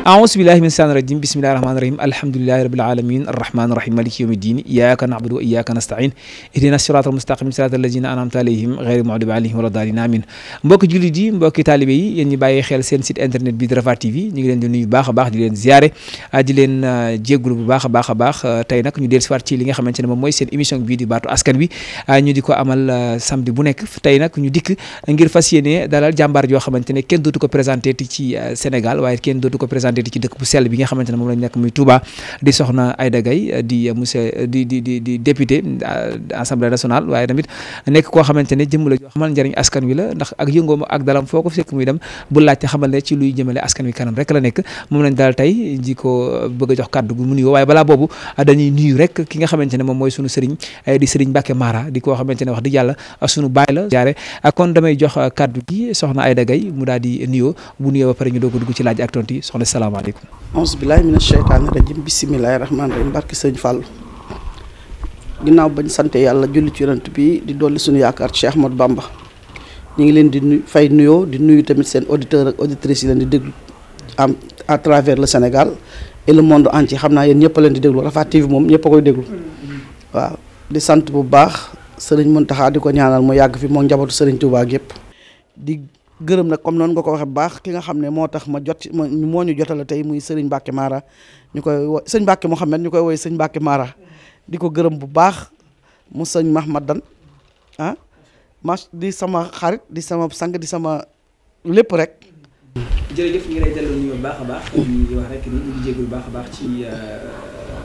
ahousubillahi min saan rajim bismillahi rahmaani rahim alhamdulilahi rabil alamin arrahmani rahim maliki yawmi din iyyaka wa iyyaka nasta'in ihdina siratal mustaqim siratal lazina an'amta alayhim ghayril maghdubi alayhim wala daalin amin mbokki jullit yi mbokki baax a baax di leen ziare ah, di ah, baax a baax a baax tey nag ñu del siwaat seen émission bii baatu askan wi ah, ñu di amal samedi bu nekk tey dikk ngir fas dalal jàmbaar yoo représenter ci dëkk bu sell bi nga xamante ne la joo xamal la ndax ak yëngoom ak dalam foo ko fekk muy dem bu laajte xamal ne ci luy jëmale askan wi kanam rek la nekk moom lañ daal tey di ko a jox kàddu gu mu nuyoo waaye balaa boobu euh, dañuy nuyu rek ki nga xamante ne moom mooy sunu sëriñ euh, di sëriñ Mbacke Mara di koo xamante ne wax dëgg yàlla euh, sunu kon damay jox kàddu gi soxna Aïda Gaye mu daal di nuyoo bu nuyoo ba pare ñu doog a ci laaj ak tontu soxna asalaamaaleykum auzu billaahi mina sheytaani rajim bismillaahi rahmaani rahim barki sëñ Fall ginnaaw bañ sante yàlla julli ci yonent bi di dolli suñu yaakaar ci Cheikh Ahmadou Bamba ñu ngi leen di nuyu fay nuyoo di nuyu tamit seen auditeur ak auditrice yi leen di déglu am à travers le Sénégal et le entier xam naa yéen ñëpp a leen di déglu Rafah TV moom ñëpp koy déglu waaw di sant bu baax sëriñ Mountakha di ko ñaanal mu yàgg fi moo njabootu sëriñ Touba ak gërëm nag comme noonu nga ko waxee bu baax ki nga xam ne moo tax ma jot ci moo ñu jotale tey muy Serigne Mbacke Mara ñu koy wo sëñ Mbacke Mouhamed ñu koy woy sëñ Mbacke Mara di ko gërëm bu baax mu sëñ Mahmadan ah ma di sama xarit di sama sang di sama lépp rek.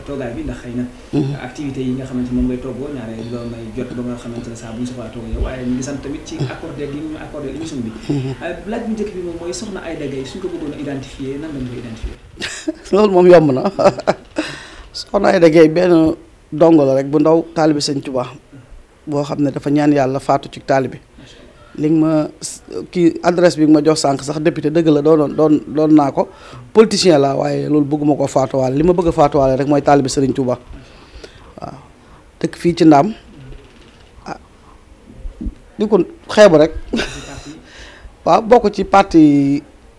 toogaay bi ndax xëy na mhm. activité yi nga xamante moom ngay toggoo ñaare loolu may jot ba nga xamante ne saa bu ñu soxlaa toog yow waaye ñu tamit ci mhm. accordé gi ñu accordé émission bi mhm. euh, laaj bu njëkk bi moom mooy loolu moom yomb na soxna ay Gaye benn dongo la rek bu ndaw taalibi Sëñ Tuubaa boo xam ne dafa ñaan yàlla faatu ci taalibi li ma kii adresse bi ma jox sànq sax député dëgg la doonoon doon doon naa ko politicien la waaye loolu bëgguma ko faatuwaale li ma bëgg a faatuwaale rek mooy taalibi Serigne Touba waaw dëkk fii ci ndaam ah di ko xeebu rek waaw bokk ci parti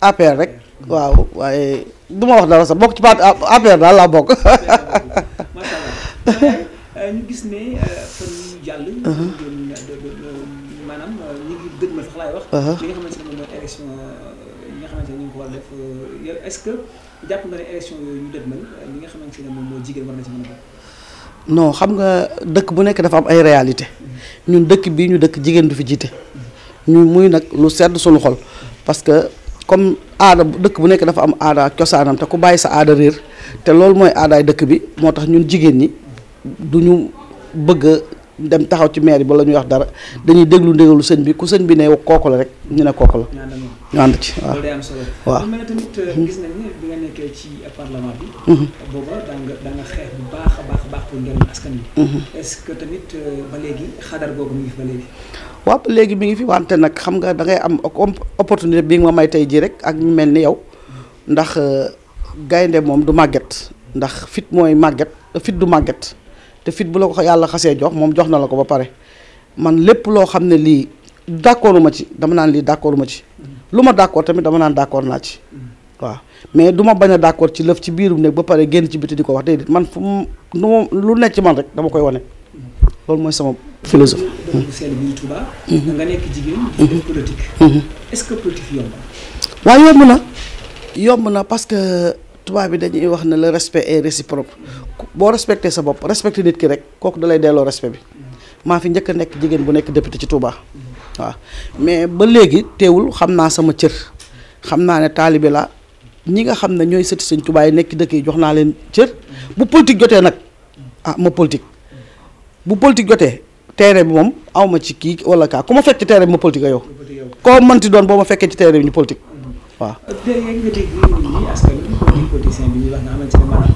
APR rek waaw waaye du ma wax dara sax bokk ci parti APR daal laa bokk. macha Uh-huh. li nga euh, euh, ce que jàpp nga euh, nga xamante ne moom mooy jigéen a non xam nga dëkk bu nekk dafa am ay réalité mm-hmm. ñun dëkk bii ñu dëkk jigéen du fi jiite mm-hmm. ñu muy nag lu sedd suñu xol parce que comme aada dëkk bu nekk dafa am aada ak cosaanam te ku bàyyi sa aada réer te loolu mooy aadaay dëkk bi moo tax ñun jigéen ñi du ñu bëgg dem taxaw ci maire bi ba ñuy wax dara dañuy déglu ndégalu sën bi ku sëñ bi ne kooku la rek ñu ne kooku la. ñu ànd ci waaw loolu day euh, mhm. ci parlement bi. Mhm. booba nga da nga mhm. euh, ba léegi xadar googu ngi fi léegi. waaw ngi fi wante nag xam nga dangay am opportunité bi nga ma may tey jii rek ak ñu mel ni yow ndax euh, gaynde moom du màgget ndax fit mooy màgget fit du màgget. te fit bu la ko yàlla xasee jox moom jox na la ko ba pare man lépp loo xam ne lii d'accordu ma ci dama naan lii d'accordu ma ci lu ma d'accord tamit dama naan d'accord naa ci waaw mais du ma bañ a d'accord ci lëf ci biirum nekk ba pare génn ci biti di ko wax déedéet man fu mu lu nekk ci man rek dama koy wane loolu mooy sama philosophie. seen biir Touba. Mhm. nga nekk mhm. mhm. ce que politique yomb na. waaw yomb na. yomb parce que tubaab bi dañuy wax ne le respect est réciproque boo respecté sa bopp respecté nit ki rek kooku dalay delloo respect bi maa fi njëkk a nekk jigéen bu nekk député ci Touba waa mais ba léegi teewul xam naa sama cër xam naa ne taalibe la ñi nga xam ne ñooy sëti sëñ Touba yi nekk dëkk yi jox naa leen cër bu politique jotee nag ah ma politique bu politique jotee terrain bi moom awma ci kii wala kaa ku ma fekk ci terrain bi ma politique a yow koo mënti doon boo ma fekkee ci terrain bi ñu politique waaw. léegi yaa ngi dégg nii xamante ne maanaam.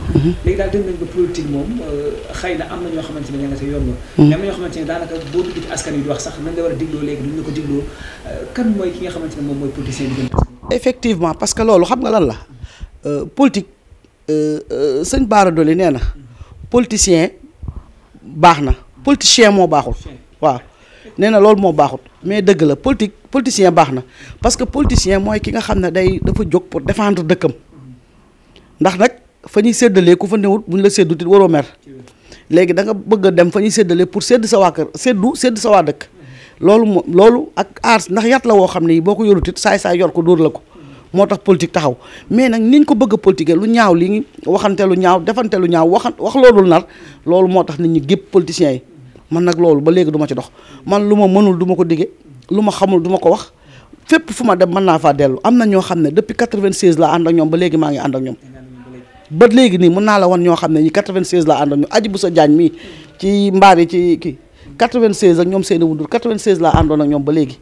léegi daal dem nañ ba politique moom euh, xëy na am na ñoo xamante ne ña nga sa yoon la. Mhm. am na ñoo xamante ne daanaka boo dugg ci askan wi di wax sax nañ la war a digloo léegi duñ la ko digloo euh, kan mooy ki nga xamante ne moom mooy politicien bi gën effectivement parce que loolu xam nga lan la euh, politique sëñ Bara Dolly nee na mhm. politicien baax na politicien moo baaxul waaw. nee na loolu moo baaxut mais dëgg la politique politicien baax na parce que politicien mooy ki nga xam ne day dafa jóg pour défendre dëkkam ndax nag fa ñuy séddalee ku fa newut bu ñu la séddutit waroo mer léegi da nga bëgg dem fa ñuy séddalee pour sédd sa waa kër séddu sédd sa waa dëkk loolu moo loolu ak aar ndax yat la woo xam ne boo ko yorutit saay saay yor ko dóor la ko moo tax politique taxaw mais nag ñu ko bëgg a politiquer lu ñaaw lii waxante lu ñaaw defante ñaaw wax wax loolul nar loolu moo tax nit ñi gépp politiciens yi man nag loolu ba léegi duma ci dox man lu ma mënul duma ko dige lu ma xamul duma ko wax fépp fu ma dem mën naa faa dellu am na ñoo xam ne depuis 96 laa ànd ak ñoom ba léegi maa ngi ànd ak ñoom ba léegi nii mën naa la wan ñoo xam ne ñi 96 laa ànd ak ñoom aji sa jaañ mii ci mbaar yi ci kii 96 ak ñoom seeni wundur 96 laa àndoon ak ñoom ba léegi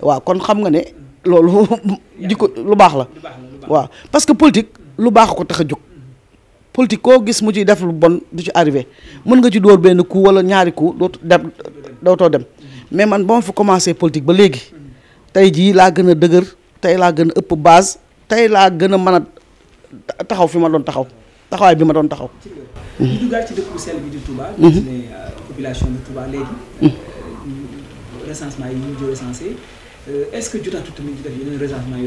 waaw kon xam nga ne loolu jikko lu baax la waaw parce que politique lu baax ko tax a jóg politique koo gis mu ciy def lu bon du ci arrivé mën nga ci dóor benn coup wala ñaari ku dootu dem dootoo dem mais man ba ma fa commencé politique ba léegi tey jii laa gën a dëgër tey laa gën a ëpp base tey laa gën a mën a taxaw fi ma doon taxaw taxawaay bi ma doon taxaw. ñu mhm. mhm. euh, euh, yi ñu euh, est-ce que yoo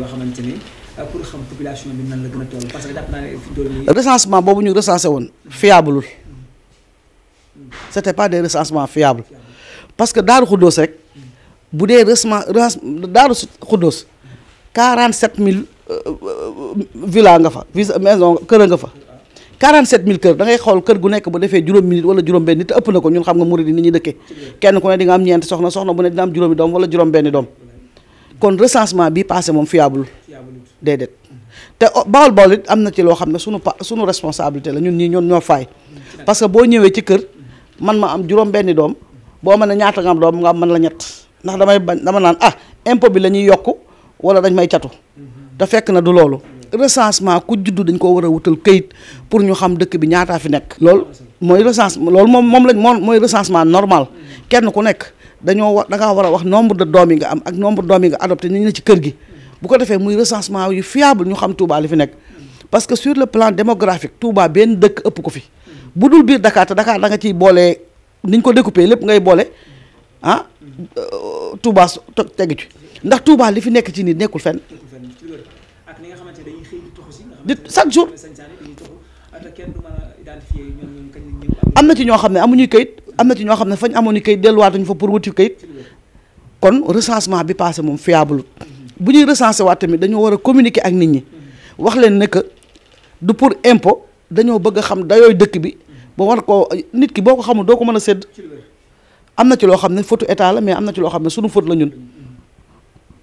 xamante ne. Euh, pour xam bi nan la gën a toll parce que jàpp naa boobu ñu recensé woon fiableul c'était pas des recensements fiables parce que Daaru Xuddoos rek bu dee recensement Daaru Xuddoos 47000 villa nga fa maison kër nga fa. 47000 kër da ngay xool kër gu nekk bu defee juróom minute wala juróom benn nit te ëpp na ko ñun xam nga murid yi ni ñuy dëkkee kenn ku ne di am ñeenti soxna soxna bu ne dina am juróomi doom wala juróom benni doom. kon recensement bi passé moom fiable déedéet te bawol bawol it am na ci loo xam ne sunu pa sunu responsabilité la ñun nii ñoon ñoo faay parce que boo ñëwee ci kër man ma am juróom benni doom boo mën ne ñaata nga am doom nga am man la ñett ndax damay bañ dama naan ah impôt bi la ñuy yokk wala dañ may catu te fekk na du loolu recensement ku juddu dañ koo war a wutal këyit pour ñu xam dëkk bi ñaataa fi nekk loolu mooy recensement loolu moom moom lañ moom mooy recensement normal kenn ku nekk dañoo war da war a wax nombre de doom yi nga am ak nombre doom yi nga adopté ñu ne ci kër gi bu ko defee muy recensement yu fiable ñu xam Touba li fi nekk parce que sur le plan démographique Touba benn dëkk ëpp ko fi bu dul biir Dakar te Dakar da nga ciy boole ni ñu ko découpé lépp ngay boole ah euh, Touba tegu ci ndax Touba li fi nekk ci nit nekkul fenn di chaque jour am na ci ñoo xam ne amuñuy kayit am na ci ñoo xam ne fañ amoon i kayit delluwaatuñ fa pour wuti kayit kon recensement bi passé moom fiable bu ñuy recenser waat tamit dañoo war a communiquer ak nit ñi wax leen ne que pour impôt dañoo bëgg a xam dayooy dëkk bi ba war koo nit ki boo ko xamul doo ko mën a sédd am na ci loo xam ne faute état la mais am na ci loo xam ne sunu faute la ñun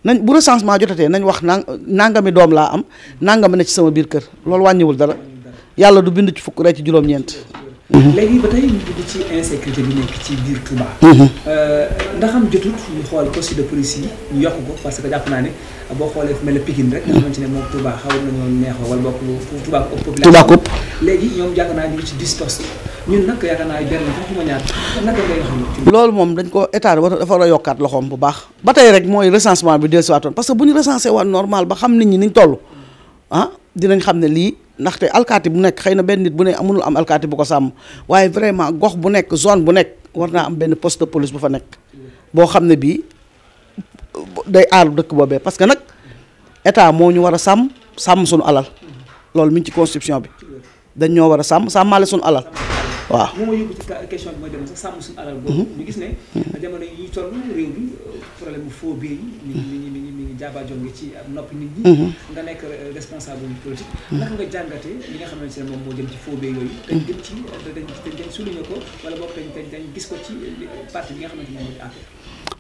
nañ bu recensement jotatee nañ wax nang nangami doom laa am nangami ne ci sama biir kër loolu wàññiwul dara yàlla du bind ci fukk rek ci juróom-ñeent. Mhm. léegi ba tey ñu ngi ci insécurité bi nekk ci biir Touba. Mhm. Euh, ndax am jotut ñu xool poste de police yi ñu yokk ko parce que jàpp naa ne boo xoolee fu mel ne Pikine rek. nga xamante ne moom Touba xaw nañoo naa ñu ngi ci dix postes ñun nag loolu moom dañ ko état war a yokkaat loxoom bu baax ba tey rek mooy recensement bi dellusiwaatoon parce que bu ñu recensé waat normal ba xam nit ñi niñ toll ah dinañ xam ne lii ndaxte alkaati bu nekk xëy na benn nit bu ne mënul am alkaati bu ko sàmm waaye vraiment gox bu nekk zone bu nekk war naa am benn poste de police bu fa nekk boo xam ne bii day aar dëkk boobee parce que nag état moo ñu war a sàmm sàmm suñu alal loolu muñ ci constitution bi dañ ñoo war a sàmm sàmmaale suñu alal waaw. moo yóbbu ci question bi mooy boobu. Mhm. ñu gis ne mhm. jamono yi ñuy bi euh, mi ngi mi ngi ci noppi nit ñi. Mhm. nga nekk euh, responsable politique. naka nga jàngatee li nga xamante ne moom moo jëm ci faux dañ jëm ci dañ dañ souligner ko gis ko nga xamante ne moom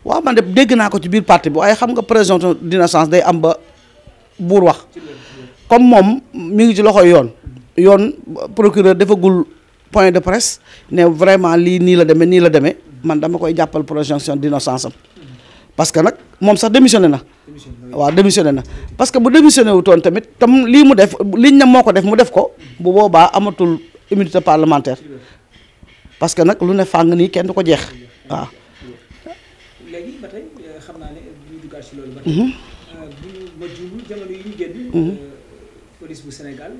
la man de dégg naa ko ci biir parti bi waaye xam nga présomption d'innocence day am ba buur wax comme moom mi ngi ci loxoy yoon yoon procureur defagul point de presse ne vraiment lii nii la demee nii la demee man dama koy jàppal présomption d'innocence am parce que nag moom sax démissionné na waaw démissionné na parce que bu démissionné wutoon toon tamit tam lii mu def liñ ne moo ko def mu def ko bu boobaa amatul immunité parlementaire parce que nag lu ne fàng nii kenn du ko jeex waaw police bu Sénégal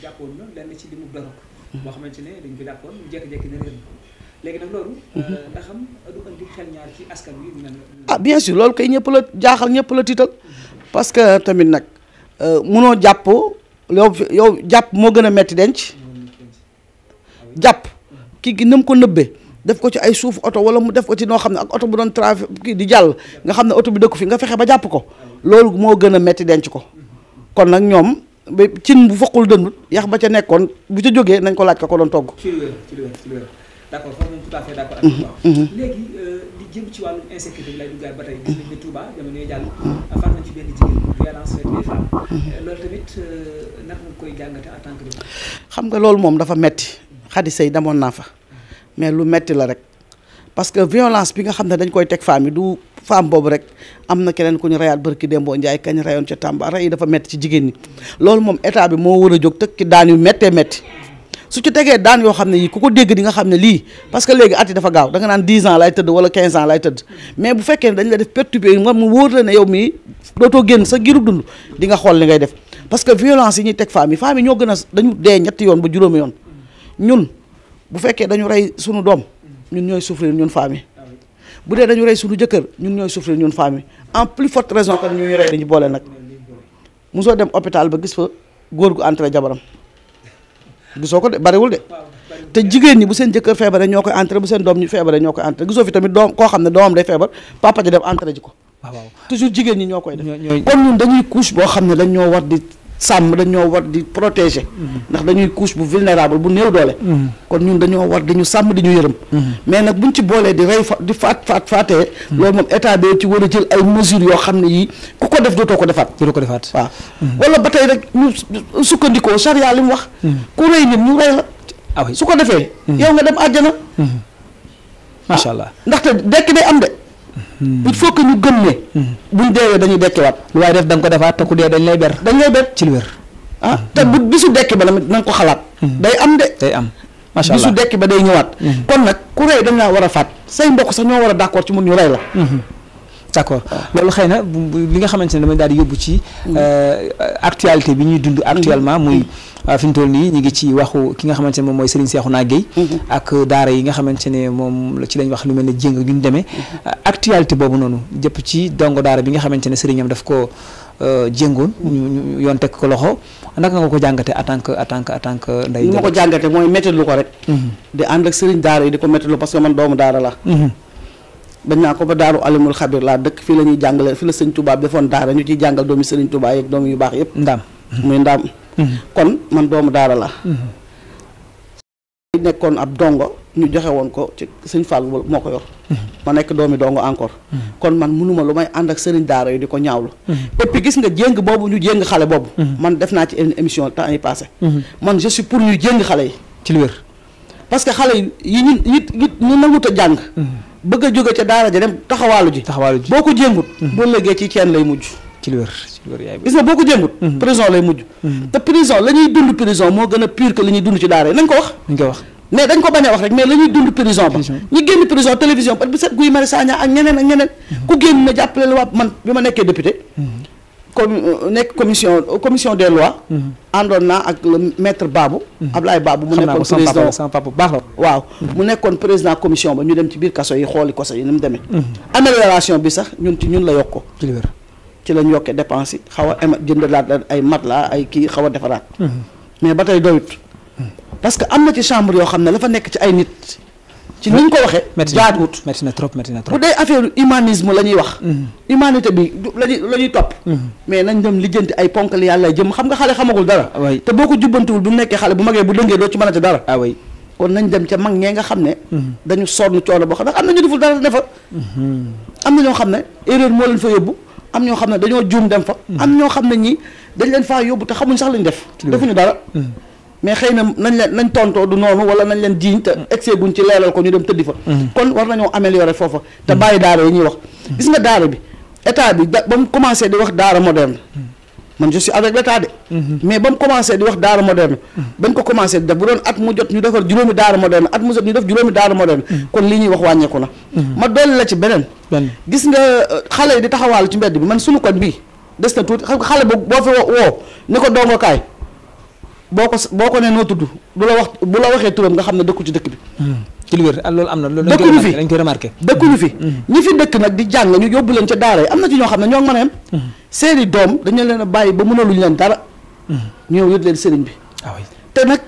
jàppoon na lenn ci li mu dorog moo xamante ne dañ ko jàppoon mu jékki léegi nag loolu mhm. euh, nga askan wi ah bien sûr loolu kay ñëpp la jaaxal ñëpp la tiital mhm. parce que tamit nag euh, munoo jàpp yow yow jàpp moo gën a metti denc ah jàpp mhm. kii gi na ko nëbbee def ko ci ay suuf oto wala mu def ko ci noo xam ne ak oto bu doon trafic di jàll nga xam ne oto bi dëkku fi nga fexe ba jàpp ko ah loolu moo gën a metti denc ko kon nag ñoom ba cin bu foqul dëndut yax ba ca nekkoon bu ca jógee nañ ko laaj ka ko doon togg. ci lu wér ci ci lu wér d'accord foofu moom mhm. euh, tout bi lay ba tey gis nañ ne Touba jamono jàll far na ci benn jigéen violence faite des femmes mhm. euh, loolu euh, xam nga loolu moom dafa metti xadi sëy demoon naa fa mhm. mais lu metti la rek parce que violence bi nga xam ne dañ koy teg femme yi du femme boobu rek am na keneen ku ñu reyaat barki Dembo Ndiaye kañ reyoon ca Tamba rey yi dafa métti ci jigéen ñi loolu moom état bi moo war a jóg tëkki daan yu méttee métti su ci tegee daan yoo xam ne yii ku ko dégg di nga xam ne lii parce que léegi at yi dafa gaaw da nga naan 10 ans lay tëdd wala 15 ans lay tëdd mais bu fekkee ne dañ la def perturbé nga mu wóor la ne mii dootoo génn sa giru dund di xool li ngay def parce que violence yi ñuy teg femme yi femme yi ñoo gën a dañu dee ñetti yoon ba juróomi yoon ñun bu fekkee dañu rey sunu doom ñun ñooy souffrir ñun femmes yi bu dee dañu rey suñu jëkkër ñun ñooy souffrir ñun femmes yi en plus forte raison que ñuy rey dañu boole nag mosoo dem hôpital ba gis fa góor gu entré jabaram gisoo ko de bariwul de te jigéen ñi bu seen jëkkër feebare ñoo koy entré bu seen doom ñi feebare ñoo koy entré gisoo fi tamit doom koo xam ne doomam day feebar papa ji dem entré ji ko. toujours jigéen ñi ñoo koy def. kon ñun dañuy couche boo xam ne dañ ñoo war di. sàmm dañoo war di protégé ndax dañuy couche bu vulnérable bu néew doole. kon ñun dañoo war di ñu sàmm di ñu yërëm. mais nag bu ñu ci boolee di rey fa di faat faat faatee. loolu moom état bi ci war a jël ay mesures yoo xam ne yi ku ko def dootoo ko defaat. dootoo ko defaat waaw. wala ba tey rek ñu sukkandikoo charia li mu wax. ku rey nit ñu rey la. ah su ko defee. Hmm. yow nga dem àjjana. Hmm. Ah. macha allah ndaxte dekk day am de. Hmm. il faut que ñu gëm ne. Hmm. buñ deewee dañuy dekkiwaat. lu waaye def da nga ko defaat te ku dee dañ lay ber. dañ lay ber ci lu wér. ah hmm. te bu bisu dekki ba tamit nanga ko xalaat. day am de. day am macha allah bisu dekki ba day ñëwaat. kon nag ku rey dañ laa war a faat say mbokk sax ñoo war a d'accord ci mun ñu rey la. d'accord loolu xëy na li nga xamante ne damay daal di yóbbu ci mm. euh, actualité bi ñuy dund actuellement mm. muy mm. Euh, fi mu toll nii ñu ngi ci waxu ki nga xamante ne moom mooy Serigne Cheikhouna Gueye mm-hmm. ak daara yi nga xamante ne moom ci lañ wax lu mel ne jéng yu ñu demee mm-hmm. euh, actualité boobu noonu jëpp ci dongo daara bi nga xamante ne sëriñam daf ko jéngoon mm-hmm. ñu ñu yoon teg ko loxo naka nga ko jàngate en tant que en tant que en tant que ndey ko jàngate mooy métti lu ànd ak sëriñ daara yi di ko parce que man doomu daara la dañ naa ko ba daaru alimul xabir laa dëkk fi la ñuy jàngale fii la sëñ Touba defoon daara ñu ciy jàngal doomi sëriñ Touba yeeg doom yu baax yëpp ndaam muy ndaam mm-hmm. kon man doomu mm-hmm. ñu joxe woon ko ci sëñ Fall ko yor mm-hmm. ma nekk doomi dongo encore kon man mënuma lu may ànd ak sëriñ daara yi di ko ñaawlu et puis gis nga jéng boobu ñu jéng xale boobu man def naa ci une émission temps yi passé man je suis pour ñu jéng xale yi ci lu wér parce que xale yi ñu ñu nangut jàng bëgg a jóge ca daara ja dem taxawaalu ji. taxawaalu ji boo ko jéngut. Mm. bu lëggee ci ceen lay mujj. ci lu yaay boo ko jéngut. Mm-hmm. prison lay mujj. Mm-hmm. te prison la ñuy dund prison moo gën a pire que li dund ci daara yi nañ ko wax. nañ dañ ko bañ a wax rek mais la ñuy dund prison ba. ñu génn prison télévision ba bu set guy mari ak ñeneen ak ñeneen. Mm-hmm. ku génn na jàppale waa man bi ma nekkee député. kon nekk commission commission des lois. Mhm. àndoon naa ak le maître Babou. Mhm. Ablaye Babou mu nekkoon président sama papa mhm. mu nekkoon président commission ba ñu dem ci biir kaso yi xooli kaso yi ni mu demee. amélioration bi sax ñun ci ñun la yokk ko. ci lañ yokkee dépense yi xaw a jëndalaat ay matelas ay kii xaw a defaraat. mais ba tey doyut. parce am na ci chambre yoo xam ne la fa nekk ci ay nit. ci ni ñu ko waxee. jaaduwut métti na trop métti na trop. bu dee affaire humanisme la ñuy wax. Mm-hmm. humanité bi la ñuy la ñuy topp. Mm-hmm. mais nañ dem lijjanti ay ponk li yàlla jëm xam nga xale xamagul dara. Ah te boo ko jubbantiwul du nekkee xale bu magee bu dëngee doo ci mënati dara. Ah kon nañ dem ca mag ñee nga xam ne. Mm-hmm. dañu sonn coono boo xam ne am na ñu deful dara ne fa. am na ñoo xam ne erreur moo leen fa yóbbu am ñoo xam ne dañoo juum dem fa. am ñoo xam ne ñii dañ leen faa yóbbu te xamuñ sax lañ def. defuñu dara. mais xëy na nañ leen nañ tontoo du noonu wala nañ leen jiiñ te excès buñ ci leeral ko ñu dem tëddi fa mm-hmm. kon war nañoo améliorer foofa te mm-hmm. bàyyi daara yi ñuy wax gis nga daara bi état bi ba mu commencé di wax daara moderne mm-hmm. man je suis avec l'état de mais ba mu commencé di wax daara moderne bañ ko commencé di def bu doon at mu jot ñu defar juróomi daara moderne at mu jot ñu def juróomi daara moderne kon li ñuy wax wàññeeku na ma dolli la ci beneen gis nga euh, xale yi di taxawaalu ci mbedd bi man sunu koñ bii des na tuuti xale boo fi woo ne ko dongo kaay boo ko boo ko nee noo tudd bu la wax bu la waxee turam nga xam ne dëkku ci dëkk bi. ci lu wér ah, loolu am na loolu dëkkuñu fi dañ koy remarqué dëkkuñu fi mm-hmm. Mm-hmm. ñi fi dëkk nag di jàng ñu yóbbu leen ca daara yi am na ci ñoo xam ne ñoo mën a mm-hmm. seeni doom dañu leen a bàyyi ba a mënaluñu leen dara ñëw yët leen sëriñ bi ah te nag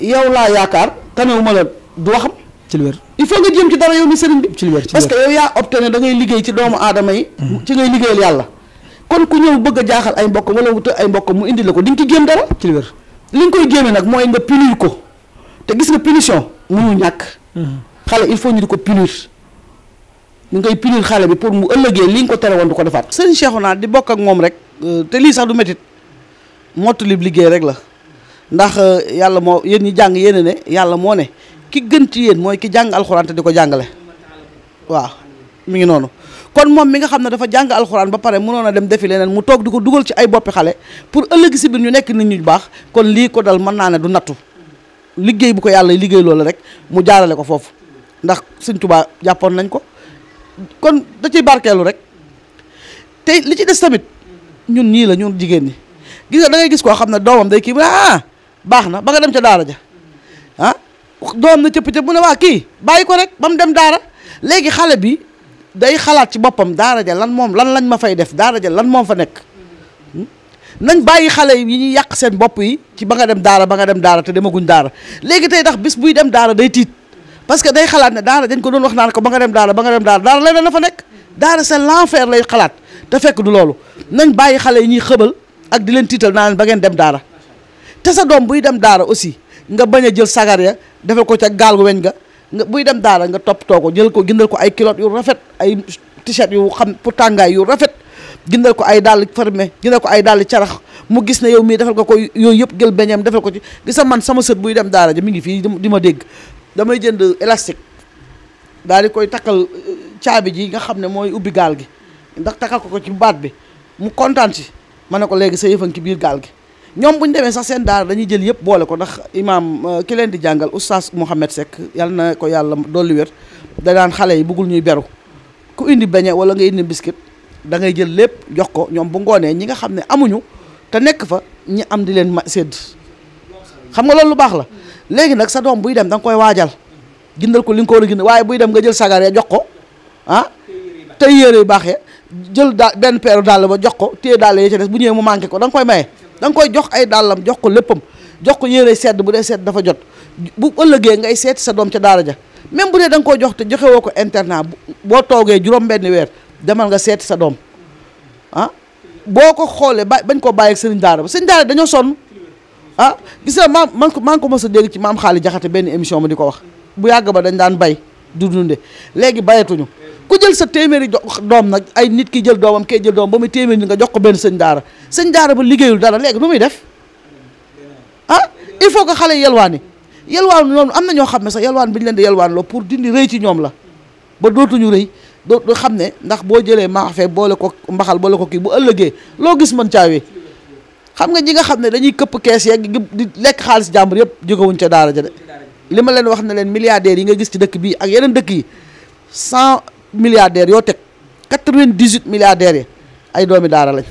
yow laa yaakaar tanewuma la du waxam ci lu wér il faut nga jéem ci dara yow mi sëriñ bi ci lu que yow yaa opté ne da liggéey ci doomu aadama yi ci ngay liggéeyal yàlla kon ku ñëw bëgg jaaxal ay mbokk wala wuta mbokk mu indi ko di nga ci jéem dara ci li nga koy génne nag mooy nga punir ko te gis nga punition mënul ñàkk. xale il faut ñu di ko punir. ñu ngay punir xale bi pour mu ëllëgee li nga ko tere woon du ko defaat. sëñ Cheikhouna di bokk ak moom rek euh, te lii sax du métit mottali liggéey rek la ndax euh, yàlla moo yéen ñi jàng yéen ne yàlla moo ne ki gën ci yéen mooy ki jàng alxuraan te di ko jàngale waaw mi ngi noonu. kon moom mi nga xam ne dafa jàng alxuraan ba pare mënoon a dem defi leneen mu toog di ko dugal ci ay boppi xale pour ëllëg si biir ñu nekk nit ñu baax kon lii ko dal man naa ne du nattu liggéey bu ko yàlla liggéey loolu rek mu jaarale ko foofu ndax Sëñ Tuubaa jàppoon nañ ko kon da ciy barkeelu rek te li ci des tamit ñun nii la ñun jigéen ñi gis nga da ngay gis koo xam ne doomam day kii mu ne ah baax na ba nga dem ca daara ja ah doom na cëpp cëpp mu waa kii bàyyi ko rek ba dem daara léegi xale bi day xalaat ci boppam daara ja lan moom lan lañ ma fay def daara ja lan moom fa nekk hmm? nañ bàyyi xale yi ñuy yàq seen bopp yi ci ba nga dem daara ba nga dem daara te demaguñ daara léegi tey tax bis buy dem daara day tiit parce que day xalaat ne daara dañ ko doon wax naan ko nga dem daara ba nga dem daara daara leneen la fa nekk daara seen l'enfer lay xalaat te fekk du loolu nañ bàyyi xale yi ñuy xëbal ak di leen tiital naa leen ba ngeen dem daara te sa doom buy dem daara aussi nga bañ a jël sagar ya defal ko ca gaal gu weñ ga nga buy dem daara nga topp toppatoo ko jël ko gindal ko ay kilot yu rafet ay t-shirt yu xam pour tàngaay yu rafet gindal ko ay dàll fermé gindal ko ay dàll carax mu gis ne yow mii defal nga ko yooyu yëpp jël beñeem defal ko ci gisa man sama sët buy dem daara ja mi ngi fii di ma dégg damay jënd élastique daal di koy takkal euh, caabi ji nga xam ne mooy ubbi gaal gi ndax takkal ko ko ci baat bi mu kontaan si ma ne ko léegi sa yëfan ci biir gaal gi ñoom bu ñu demee sax seen daara dañuy jël yëpp boole ko ndax imaam euh, ki leen di jàngal oustaz Mouhamed Seck yàlla na ko yàlla dolli wér danaan daan xale yi bëggul ñuy beru ku indi beñe wala nga indi biscuit da ngay jël lépp jox ko ñoom bu ngoonee ñi nga xam ne amuñu te nekk fa ñi am di leen ma sédd xam nga loolu lu baax la léegi nag sa doom buy dem danga koy waajal gindal ko li nga ko war a gindal waaye buy dem nga jël sagar ya jox ko ah tey yére yu baax ya jël daa benn peeru dàll ba jox ko téye dàll ya ci des bu ñëwee mu manqué ko da koy maye da nga koy jox ay dàllam jox ko léppam jox ko yére sedd bu dee sedd dafa jot bu ëllëgee ngay seeti sa doom ca daara ja même bu dee da nga koy jox te joxe woo ko internat boo toogee juróom-benni weer demal nga seeti sa doom ah boo ko xoolee ba bañ koo bàyyi ak sëriñ daara ba sëriñ daara dañoo sonn ah gis nga maam man ko man ko mos a dégg ci maam xaali jaxate benn émission ma di ko wax bu yàgg ba dañ daan bay du dunde léegi bayatuñu ku jël sa téeméeri jox doom nag ay nit ki jël doomam kee jël doom ba muy téeméeri nga jox ko benn sëñ daara sëñ daara ba liggéeyul dara léegi nu muy def ah il faut que xale yi yalwaani yalwaan noonu am na ñoo xam ne sax yalwaan bi ñu leen di yalwaan loo pour dindi rëy ci ñoom la ba dootuñu rëy dootu xam ne ndax boo jëlee maafe boole ko mbaxal boole ko kii bu ëllëgee loo gis mën caawee xam nga ñi nga xam ne dañuy këpp kees yeeg di lekk xaalis jàmbur yëpp jógewuñ ca daara ja de li ma leen wax ne leen milliardaires yi nga gis ci dëkk bii ak yeneen dëkk yi milliardaires yoo teg quatre-vingt-dix-huit milliardaires yi ay doomi daara lañ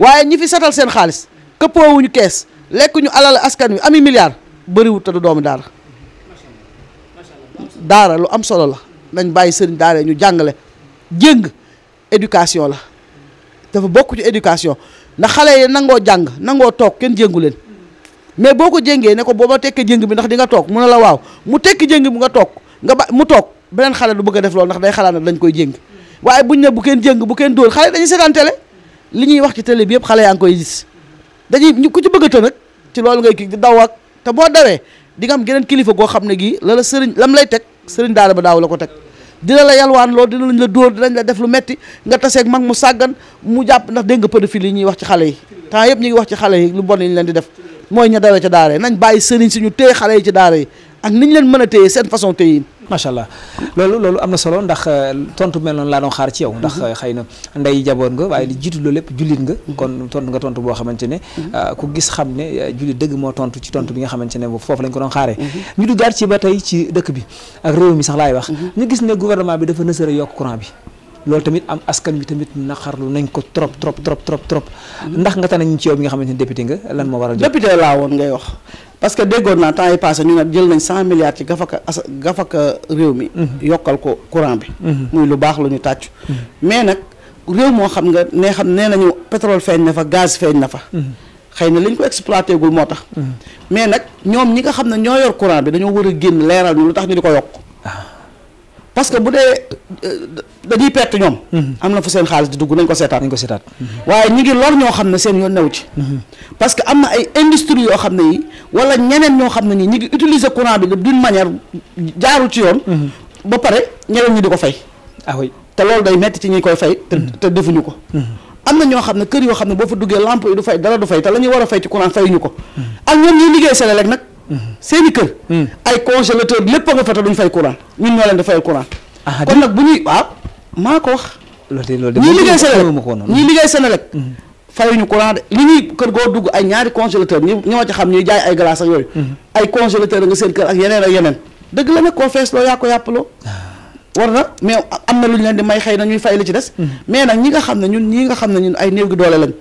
waaye ñi fi satal seen xaalis këppoowuñu kees lekkuñu alal askan wi ami milliard bëriwut te du doomi daara daara lu am solo la nañ bàyyi sëriñ daara ñu jàngale jëng éducation la dafa bokk ci éducation ndax xale yi nangoo jàng nangoo toog kenn jëngu leen mais boo ko jëngee ne ko boo ma tekkee jëng bi ndax di nga toog mu ne la waaw mu tekki jëng bi nga toog nga ba mu toog beneen xale du bëgg a def loolu ndax day xalaat na dañ koy jéng waaye buñ ne bu kenn jéng bu kenn dóor xale dañuy seetaan télé li ñuy wax ci télé bi yëpp xale yaa ngi koy gis dañuy ku ci bëgg a të ngay kii di daw ak te boo dawee di am geneen kilifa goo xam ne gii la la sëriñ lay teg sëriñ daara ba daaw la ko teg dina la yalwaan loolu dina lañ la dóor dinañ la lu metti nga taseeg mag mu sàggan mu jàpp ndax dégg nga pédophile yi ñuy wax ci xale yi temps yëpp ñu ngi wax ci xale yi lu bon yi leen di def mooy ña dawee ca daara nañ bàyyi sëriñ si ñu téye xale yi ci daara yi ak niñ leen mën a téye seen façon téye macha allah loolu loolu am na solo ndax euh, tontu mel noonu laa doon xaar ci yow ndax mhm. euh, xëy na ndey jaboot nga waaye li jiitu loolu lépp jullit nga mhm. kon tontu nga tontu boo xamante ne mhm. euh, ku gis xam ne jullit dëgg moo tontu ci tontu bi nga xamante ne foofu lañ ko doon xaaree ñu duggaat ci ba tey ci dëkk bi ak réew mi sax laay wax ñu gis ne gouvernement bi dafa nësëra yokk courant bi loolu tamit am askan bi tamit naqarlu nañ ko trop trop trop trop trop ndax nga tane ñu ci yow bi nga xamante ne député nga lan wax parce que déggoon naa temps yi passé ñu ci gafaka as gafaka réew mi mhm. yokkal ko courant bi mhm. muy lu baax lu ñu tàccu mhm. mais nag réew moo xam nga ne xam nee nañu pétrole feeñ na fa gaz feeñ na fa xëy na lañ ko exploité gul moo tax mais nag ñoom ñi nga xam ne ñoo yor courant bi dañoo war a génn leeral ñu lu tax ñu di ko yokk ah. parce que bu dee euh, dañuy perte ñoom. Mm-hmm. am na fu seen xaalis di dugg nañ ko seetaat. nañ ko seetaat mm-hmm. waaye ñi ngi lor ñoo xam ne seen yoon new ci. Mm-hmm. parce que am na ay industrie yoo xam ne yi wala ñeneen ñoo xam ne nii ñu ngi utiliser courant bi d'une manière jaarul ci yoon. ba pare ñeneen ñi di ko fay. Ah te lool day metti ci ñi koy fay. te te defuñu ko. am na ñoo xam ne kër yoo xam ne boo fa duggee lampe yi du fay dara du fay te la war a fay ci courant fayuñu ko. ak ñoom ñuy liggéey Senelec nag. seeni kër. Hmm. ay congélateur lépp a nga fa te duñ fay courant ñun ñoo leen di fayal courant. Ah, kon nag bu ñuy waaw maa ko wax. loolu de ñii liggéey Senelec ñii liggéey Senelec ñu courant de li ñuy kër goo dugg ay ñaari congélateur ñi ñoo ci xam ñuy jaay ay glace ak yooyu. Hmm. ay congélateur nga seen kër ak yeneen ak yeneen. dëgg la nag koo fees loo yaa ko yàppaloo. Ah. war na mais am na lu ñu leen di may xëy na ñuy fay li ci des. Hmm. mais nag ñi nga xam ne ñun ñii nga xam ne ñun ay néew gi doole lañ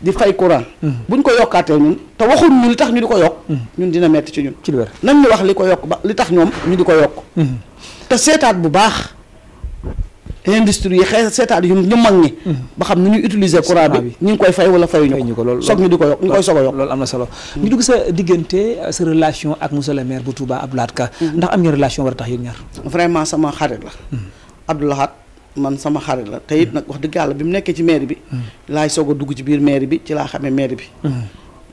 di fay courant. Hmm. buñ ko yokkaatee ñun te waxul ñu li tax ñu di ko yokk. Hmm. ñun dina metti ci ñun. ci lu wér nan ñu wax li ko yokk ba li tax ñoom ñu di ko yokk. Hmm. te seetaat bu baax. industrie yi xëy seetaat yu ñu mag ñi. ba xam ni ñu utiliser courant bi ñu ngi koy fay wala fayuñu ko lool soog ñu di ko yokk ñu koy soog yokk. loolu am na solo ñu dugg sa diggante euh, sa relation ak monsieur le maire bu Touba Abdou Lahad Ka. ndax am ngeen relation war a tax yéen ñaar. vraiment sama xarit la. Abdou Lahad man sama xarit la te it nag wax dëgg yàlla bi mu nekkee ci mairie bi laay soog a dugg ci biir mairie bi ci laa xamee mairie bi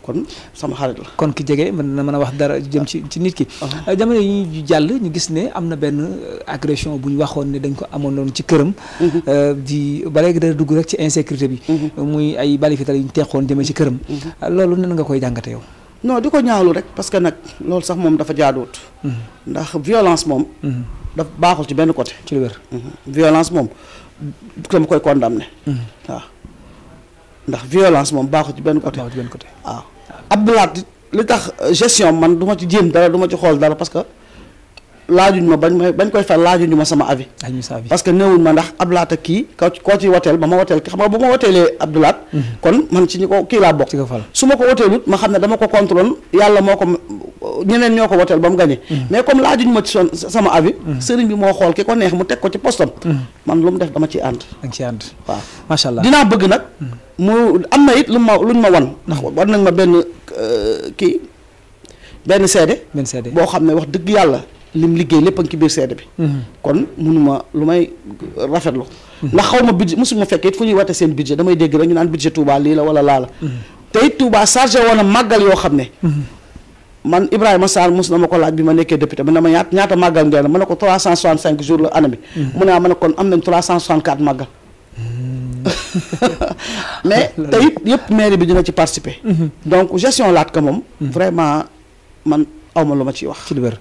kon sama xarit la kon ki jege mën na man a wax dara jëm ci ci nit ki ah. Ah, jamono yi ñu jàll ñu gis ne am na benn euh, agression bu ñu waxoon ne dañ ko amoon loon ci këram mhm. euh, di ba léegi dara dugg rek ci insécurité bi mhm. muy ay bali fital yu ñu teexoon jëmee ci këram mhm. ah, loolu nan nga koy jàngate yow non di ko ñaawlu rek parce que nag loolu sax moom dafa jaaduwut ndax violence moom daf baaxul ci benn côté ci lu wér mhm. violence moom dama koy condamné mhm. waaw ndax violence moom baaxul ci benn côté waaw Abdoulaye li tax gestion man duma ci jéem dara duma ci xool dara parce que laajuñ ma bañ ma bañ koy fal laajuñu ma sama avis parce que néewuñ ma ndax Abdoulaat ak kii kaw koo ci woteel ba ma woteel ki xam nga bu ma woteelee Abdoulaat mm-hmm. kon man ci ñi ko kii laa bokk su ma ko woteelut ma xam ne dama ko contrôle yàlla moo ko ñeneen ñoo ko woteel ba mu gagné mm-hmm. mais comme laajuñ ma ci son sama avis mm-hmm. sëriñ bi moo xool ki ko neex mu teg ko ci postam man lu mu def dama ci ànd danga ciy ànd waaw macha allah dinaa bëgg nag mu am na it lu ma luñ ma wan ndax war nañ ma benn euh, kii benn seede benn seede boo xam ne wax dëgg yàlla lim liggéey lépp a ngi ci biir seede bi. Mhm. kon munuma lu may rafetlu. Mhm. ndax xaw ma budget mosuma fekkee it fu ñuy wate seen budget damay dégg rek ñu naan budget Touba lii la wala laa la. Mhm. te it Touba chargé a màggal yoo xam ne. man Ibrahima Sarr mos na ma ko laaj bi ma nekkee député man dama ñaata ñaata màggal ngeen ma ne ko 365 jours la année mu ne ah ma kon am nañ 364 màggal. mais te it yëpp bi dina ci participer. aw ma lu ma ci wax. ci lu wér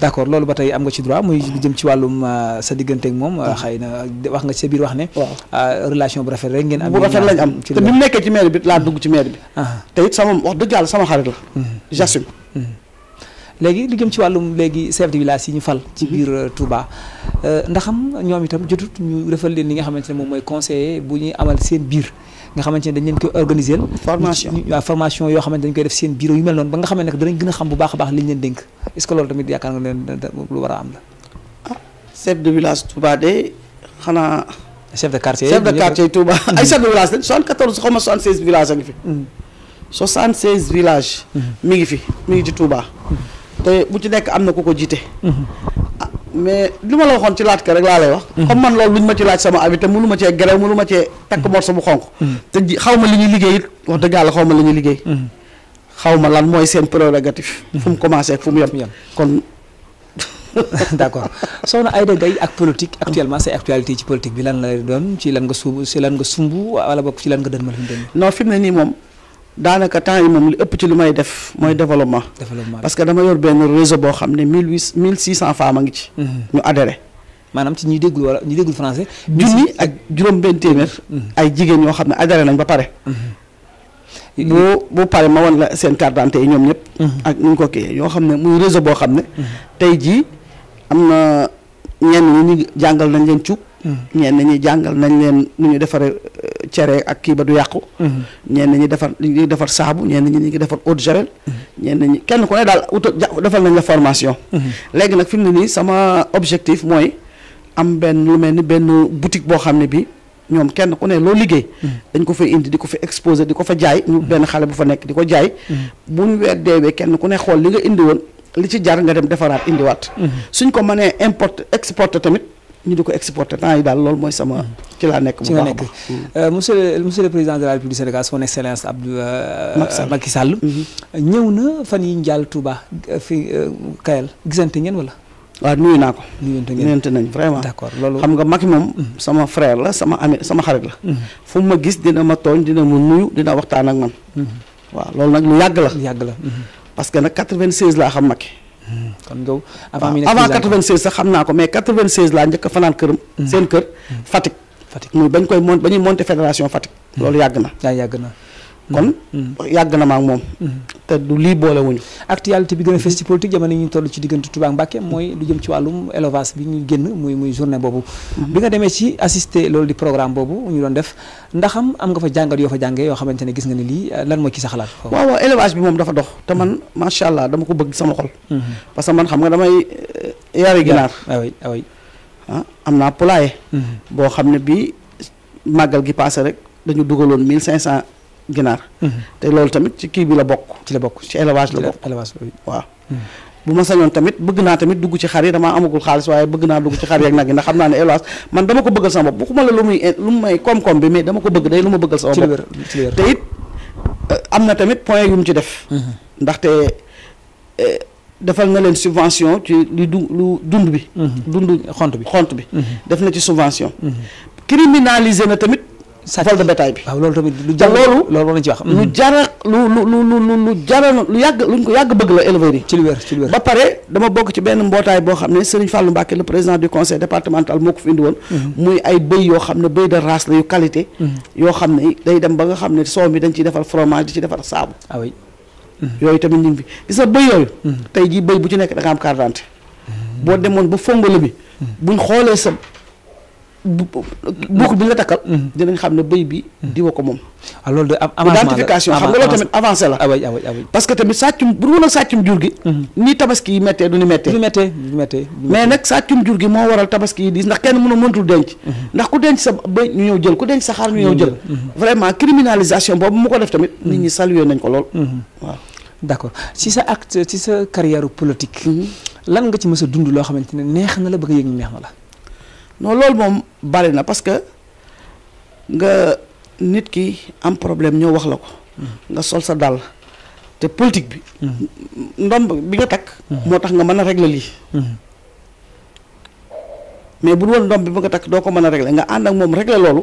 d' loolu ba tey am nga ci droit mooy lu jëm ci wàllum euh, sa digganteeg moom. Euh, ah. xay na wax nga ci sa wax ne. Euh, relation bu rafet rek ngeen am. am te bi mu ci maire bi laa dugg ci maire bi. Ah. te it sama wax dëgg yàlla sama xarit la. Mhm. j'assume léegi li jëm ci wàllum léegi chef de village yi ñu fal ci mhm. biir euh, Touba euh, ndaxam ñoom itam jotut ñu defal leen li nga xamante ne moom mooy conseiller bu ñuy amal seen biir nga xamante ne dañ leen koy organiser formation formation yoo xamante dañ koy def seen bureau yu mel noonu ba nga xam ne nag danañ gën a xam bu baax a baax liñ leen dénk est-ce que tamit yaakaar nga leen lu war a am la ah chef de village Touba de xanaa chef de quartier chef de quartier Touba ay chef de village lañ 74 xaw ma 76 villages a ngi fi 76 mm. mm. mi ngi fi mi ngi ci Touba mm. te bu ci nekk am na ku ko jiite. Mhm. Ah, mais li ma la waxoon ci laaj ka rek laa lay wax. Mhm. comme man loolu luñ ma ci laaj sama abi te mënu ma cee gerew mënu ma cee takk mhm. morso bu xonq. te ji xaw ma li ñuy liggéey wax dëgg xaw ma li ñuy liggéey. xaw ma lan mooy seen prérogative. fu mu commencé ak fu mu yem kon. d'accord soxna Aïda Gaye ak politique actuellement say actualité ci politique bi lan la doon ci lan nga sumb ci lan nga sumb wala bokk ci lan nga dënmal fi mu non fi mu ne nii moom. daanaka temps yi moom li ëpp ci lu may def mooy développement. développement parce que dama yor benn réseau boo xam ne mille huit mille six cent femmes a ngi ci. Mhm. ñu adhéré. maanaam ci ñuy déggul wala ñi déggul français. junni ak juróom-benn téeméer. Mhm. ay jigéen ñoo xam ne adhéré nañ ba pare. Mhm. boo boo pare ma woon la seen carte yi ñoom ñëpp. ak nu ñu ko kii yoo xam ne muy réseau boo xam ne. tey jii am na ñenn ñi ñu jàngal nañ leen cuub. ñenn ñi jàngal nañ leen nu ñu defaree euh, cere ak kii ba du yàqu. Mm-hmm. ñenn ñi defar ñu ngi defar saabu ñenn ñi ñu ngi defar eau de javel. Mm-hmm. ñenn ñi kenn ku ne daal uta defal nañ la formation. Mm-hmm. léegi nag fi mu ne nii sama objectif mooy am benn lu mel ni benn boutique boo xam ne bii. ñoom kenn ku ne loo liggéey dañ ko fa indi di ko fa exposé di ko fa jaay ñu benn xale bu fa nekk di ko jaay bu ñu weer deewee kenn ku ne xool li nga indi woon li ci jar nga dem defaraat indiwaat suñ ko mënee importe exporté tamit ñu di ko exporter temps yi daal loolu mooy sama. ci laa nekk bu baax a baax mm. euh, monsieur président de la République du Sénégal son excellence Abdou. Euh, Macky Sall mm-hmm. ñëw na fan yi ñu tubaa Touba euh, fi Kayal gisante ngeen wala. waa nuyu naa ko. nuyante nañ vraiment. d'accord loolu xam nga Macky moom. Mm-hmm. sama frère la sama amee sama xarit la. Mm-hmm. fu ma gis dina ma tooñ dina mu nuyu dina waxtaan ak man. waaw loolu nag lu yàgg la. yàgg la parce que nag 96 laa xam Macky. kon ngaw avant. mi nekk avant 96 sax xam naa ko mais 96 laa njëkk a fanaan këram. Mm. seen kër mm. Fatick. Fatick muy bañ koy mont ba ñuy monter fédération Fatick. Mm. loolu yàgg na. yaa yàgg na. kon yàgg na ma ak moom mm-hmm. te du lii boole wuñu actualité bi gën a fes ci politique jamono ñu toll ci diggante Touba ak mooy lu jëm ci wàllum élevage bi ñu génn muy muy journée boobu mm-hmm. bi nga demee ci assister loolu di programme boobu ñu doon def ndaxam am nga fa jàngat yoo fa jàngee yoo xamante ne gis nga ni lii euh, lan moo ci sa xalaat waaw waaw bi moom dafa dox te man mm-hmm. macha allah dama ko bëgg sama xol parce que man xam nga damay euh, yari ginaar awi ah, ah awi ah, ah am naa poulailler boo xam ne bii màggal gi passé ginaar. Mhm. te loolu tamit ci kii bi la bokk. ci la bokk ci élevage la bokk élevage waaw. Mhm. bu ma sañoon tamit bëgg naa tamit dugg ci xar yi damaa amagul xaalis waaye bëgg naa dugg ci xar yeeg nag yi ndax xam naa ne élevage man dama ko bëggal sama bopp waxuma la lu muy eh, lu may koom-koom bi mais dama ko bëgg day lu ma bëggal sama bopp te it eh, am na tamit point yu ci def mhm. ndaxte eh, defal na leen subvention ci lu du lu dund bi dund xont bi xont bi def na ci subvention vol de bétail bi. waaw loolu loolu loolu lañ ci wax. lu lu lu lu lu lu lu yàgg luñ ko yàgg bëgg la éleveurs yi. ci lu wér ci lu wér ba pare dama bokk ci benn mbootaay boo xam ne Serigne Fallou Mbacke le président du conseil départemental moo ko fi woon. Mhm. muy ay bëy yoo xam ne bëy de race la yu qualité. Mhm. yoo xam ne day dem ba nga xam ne soow mi dañ ciy defar fromage di ci defar saabu. ah oui mhm. yooyu tamit ñu ngi fi gis nga bëy yooyu. tey jii bëy bu ci nekk da nga am carte d'identité. boo demoon bi. buñ sa bu buuk bi ñu la takkal. Mm-hmm. dinañ xam ne béy bi mm-hmm. diwa ko moom. waaw ah, loolu de avancement identification xam nga loolu tamit avancé la. away ah ah parce que tamit sàccum bu woon a sàccum jur gi. Mm-hmm. nii tabaski yi méttee du ni méttee. du méttee du mais nag sàccum jur gi moo waral tabaski yi diis ndax kenn mënu mëntul denc. ndax ku denc sa béy ñu ñëw jël ku denc sa xaar ñu ñëw jël. vraiment criminalisation boobu mu ko def tamit. nit ñi salué nañ ko lool. waaw d'accord ci sa acte ci sa carrière politique. lan nga ci mës a dund loo xamante ne neex na la bëgg yëg neex na la non loolu moom bari na parce que nga nit ki am problème ñoo wax la ko mm. nga sol sa dàll te politique bi mm. ndomb bi nga takk mm. moo tax nga mën a régler lii mais bu woon ndomb bi nga takk doo ko mën a régler nga ànd ak moom régler loolu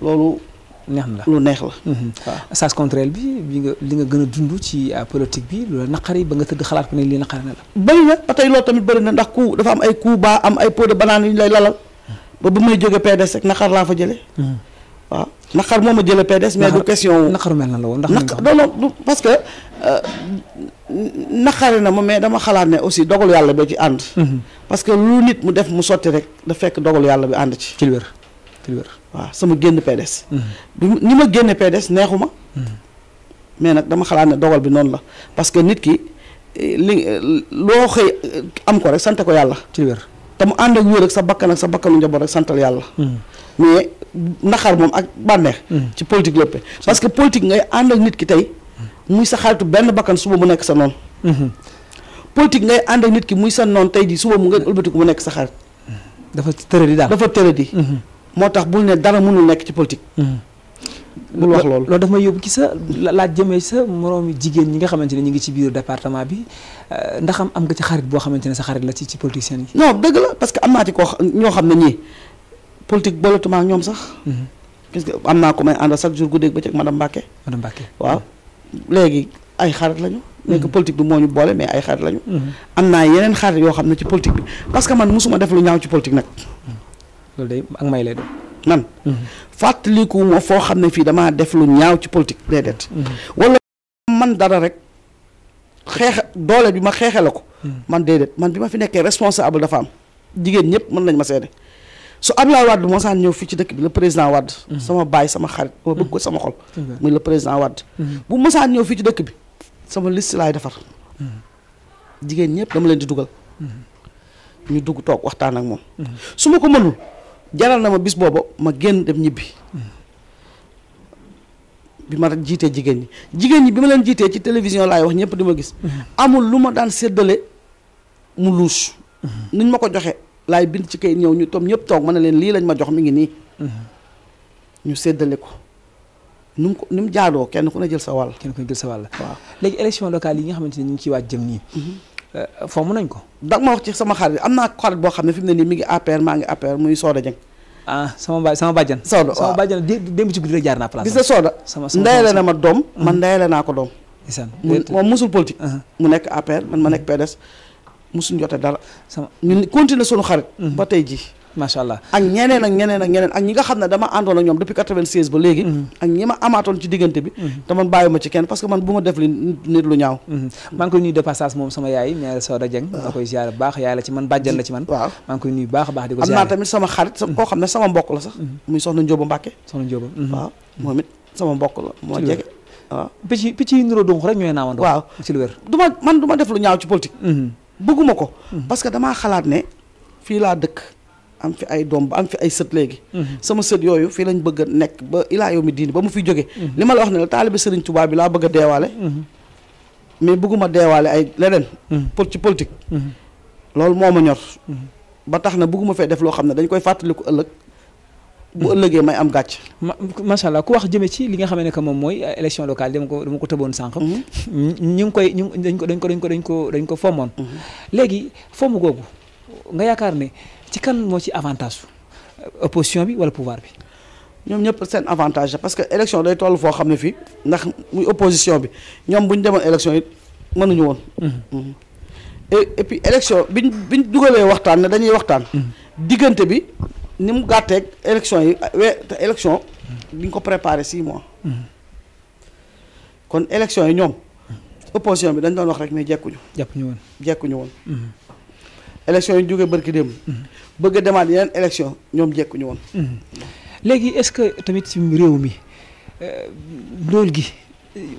loolu neex na lu neex la mm-hmm. waaw sens contraire bi bi nga li nga gën a dund ci euh, politique bi lu la naqari ba nga tëdd xalaat ko ne lii naqari na la bëri na ba tey loolu tamit bëri na ndax ku dafa am ay ku baa am ay pot de yu lay lalal ba ba may jóge PDS rek naqar laa fa jëlee. Hmm. waaw naqar moo ma jëlee PDS. mais du question naqaru mel na la woon ndax. naqar parce que euh, naqari na ma mais dama xalaat ne aussi dogal yàlla bee ci ànd. Hmm. parce que lu nit mu def mu sotti rek da fekk dogal yàlla bi ànd ci. ci wér wér waaw sama génn PDS. du hmm. ni ma génne PDS neexu ma. mais nag dama xalaat ne dogal bi noonu la parce que nit ki li loo xëy am ko rek sante ko yàlla. ci wér. te mu ànd ak wér ak sa bakkan ak sa bakkanu njaboot rek santal yàlla. Hmm. mais naxar moom ak bànneex. Hmm. ci politique lépp hmm. parce que politique ngay ànd ak nit ki tey. muy sa xaritu benn bakkan suba mu nekk sa noonu. politique ngay ànd ak nit ki muy sa noonu tey jii suba mu ngeen ëlbatiku mu nekk sa xarit. dafa tëradi daal dafa tëradi. moo tax bul ne dara mënul nekk ci politique. bul wax loolu loolu daf may yóbbu ci sa laa jëmee sa moroomi jigéen ñi nga xamante ne ñu ngi ci biir département bi euh, ndaxam am am nga ci xarit boo xamante ne sa xarit la ci ci politicien yi. non dëgg la parce que am naa ci koo ñoo xam ne ñii politique boletuma ñoom sax. Mm-hmm. parce que am naa ko may àndal chaque jour guddeeg bëccëg madame Mbacke. madame Mbacke waaw léegi ay xarit lañu. Mm-hmm. nekk politique du moo ñu boole mais ay xarit lañu. Mm-hmm. am naa yeneen xarit yoo xam ne ci politique bi parce que man mosuma def lu ñaaw ci politique nag. loolu day ak may lay doon man fàttaliku ma foo xam ne fii damaa def lu ñaaw ci politique déedéet mm-hmm. wala man dara rek xeex doole bi ma xeexe la ko mm-hmm. man déedéet man bi ma fi nekkee responsable dafa am jigéen ñëpp mën nañ ma seede su Abdoulaye Wade moo saan ñëw fii ci dëkk bi président Wade mm-hmm. sama baay sama xarit ma ko sama xol muy le président Wade bu ma saan fii ci dëkk bi sama liste laay defar jigéen ñëpp dama leen di dugal ñu dugg toog waxtaan ak moom su ma ko mënul jaral na ma bis boobu ma génn dem ñibbi bi ma jiitee jigéen ñi jigéen ñi bi ma leen jiitee ci télévision laay wax ñëpp di ma gis. amul lu ma daan séddale mu luus. niñ ma ko joxe laay bind ci kay ñëw ñu toog ñëpp toog ma na leen lii lañ ma jox mi ngi nii. ñu séddale ko nu ko nu mu jaadoo kenn ku ne jël sa wàll. kenn ku ne jël sa wàll. léegi élection locale yi nga xamante ne ñu ngi ci waaj jëm nii. Mhm. Euh, fomm nañ ko. da ma wax ci sama xarit am naa xarit boo xam ne fi mu ne nii mi ngi APR maa ngi APR muy Soda Dieng. Ah, sama ba sama bàjjan. Soda waaw sama bàjjan démb ci guddi rek jaar naa place. gis nga Soda. sama sama na ma doom. man mm-hmm. ndeyale naa ko doom. isaan moom musul politique. Uh-huh. mu nekk APR man ma nekk PDS musuñ jotee dara. sama ñun continuer sunu xarit. Mm-hmm. ba tey jii. macha allah ak ñeneen ak ñi nga xam ne dama àndoon ak ñoom depuis 96 ba léegi mm-hmm. ak ñi ma amaatoon ci diggante bi mm-hmm. te man bàyyi ci kenn parce que man bu ma def lu ñaaw mm-hmm. Ah. la ci man bàjjan la ci man waaw maa a ne sama mbokk la sax la moo jege waaw picc picc yi nuroo dunq rek ñooy naawandoo waaw ci lu wér du ma man du ma def lu ñaaw ci politique bëgguma ko parce que damaa xalaat ne fii laa dëkk am fi ay doom ba am fi ay sët léegi mhm. sama sët yooyu fii lañ bëgg nekk ba ilaa yow mi diini ba mu fi jóge mhm. li ma la wax ne la taalibe sëriñ Tuubaa bi laa bëgg a deewaale mhm. mais bëgguma deewaale ay leneen pour loolu moo ma ñor ba tax na bëgguma fee def loo xam ne dañ koy fàttaliku ëllëg bu ëllëgee may am gàcc. macha allah ku wax jëme ci li nga xam ne que moom mooy euh, élection locale dama ko dama ko tëboon sànq. ñu ngi koy ñu dañ ko dañ ko dañ ko dañ ko ko fommoon. léegi ci kan moo ci avantage su euh, opposition bi wala pouvoir bi. ñoom ñëpp seen avantage la parce que élection day toll foo xam ne fii ndax muy opposition bi ñoom bu ñu demoon élection yi mënuñu woon. Mm-hmm. Mm-hmm. et puis élection biñ dugalee waxtaan dañuy waxtaan. Mm-hmm. diggante bi ni mu gàtteeg élection yi ah, we te élection. biñ ko préparé six mois. kon élection yi ñoom. opposition bi dañ doon wax rek ne jekkuñu. jekkuñu woon jekkuñu woon. élection yi jógee bërki démb bëgg a demaat yeneen élection ñoom jekkuñu woon. Hmm. léegi est-ce que tamit ci réew mi euh, ndóol gi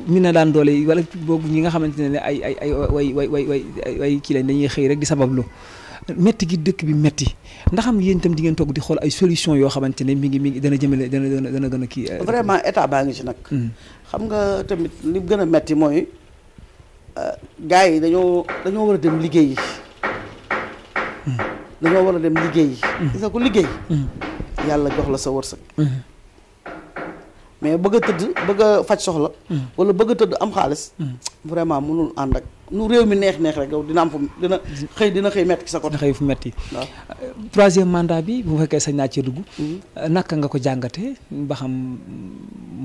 ñu euh, na daan doole yi wala boobu ñi nga xamante ne ay ay ay way way way way kii lañ dañuy xëy rek di sabablu metti gi dëkk bi metti ndax am yéen itam di ngeen toog di xool ay solution yoo xamante ne mi ngi mi ngi dana jëmale dana dana dana gën a kii. Euh, vraiment état baa ngi ci nag. Hmm. xam nga tamit li gën a metti mooy gars yi dañoo dañoo war a dem liggéeyi. Hmm. dañoo war a dem liggéeyi. Mm-hmm. gis nga ko liggéey. Mm-hmm. yàlla jox la sa wërsëg. Mm-hmm. mais bëgg a tëdd bëgg a faj soxla. wala bëgg a tëdd am xaalis. vraiment mënul ànd ak nu réew mi neex neex rek yow dina am fu dina xëy dina xëy metti ci sa côté. xëy fu metti waaw. Euh, troisième mandat bi bu fekkee sañ naa ci dugg. Euh, naka nga ko jàngate ba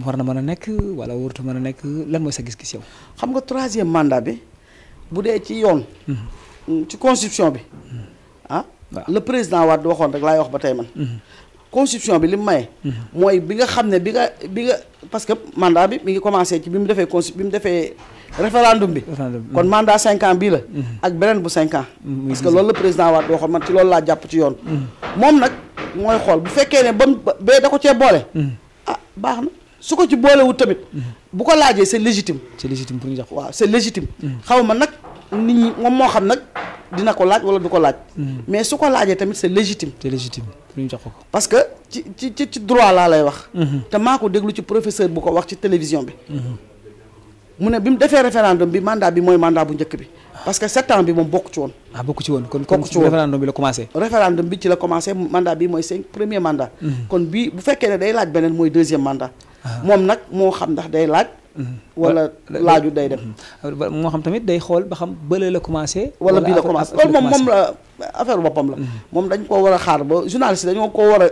war na mën a nekk wala warut mën a nekk lan mooy sa gis-gis yow. xam nga troisième mandat bi bu dee ci yoon. ci constitution bi. le président Wade waxoon rek laay wax ba tey man. Mhm. constitution bi li mu maye. Mhm. mooy bi nga xam ne bi nga bi nga parce que mandat bi mi ngi commencé ci bi mu defee consti bi mu defee référendum bi. Mhm. kon mandat cinq ans bii la. ak beneen bu cinq ans. parce loolu la président Wade waxoon man ci loolu laa jàpp ci yoon. moom nag mooy xool bu fekkee ne ba mu ba da ko cee boole. ah baax na su ko ci boolewut tamit. bu ko laajee c'est légitime. c'est légitim pour ñu jox waaw c'est légitime. ma nag. nit ñi moom moo xam nag dina ko laaj wala du ko laaj. Hmm. mais su ko laajee tamit c'est légitime. c'est légitime ñu jox ko. parce que ci ci ci droit laa lay wax. Hmm. te maa ko déglu ci professeur bu ko wax ci télévision bi. Hmm. mu ne bi mu defee référendum bi mandat bi mooy mandat bu njëkk bi. parce que sept ans bi moom bokk ci woon. ah bokk ci woon kon kon référendum bi la commencé. référendum bi ci la commencé mandat bi mooy cinq premier mandat. kon bii bu fekkee ne day laaj beneen mooy deuxième mandat. Ah. moom nag moo xam ndax day wala laaju day dem. moo xam tamit day xool ba xam bële la commencé. wala bii la commencé loolu moom moom la affaire boppam la. Mm-hmm. moom dañ koo war a xaar ba journaliste dañoo ko war a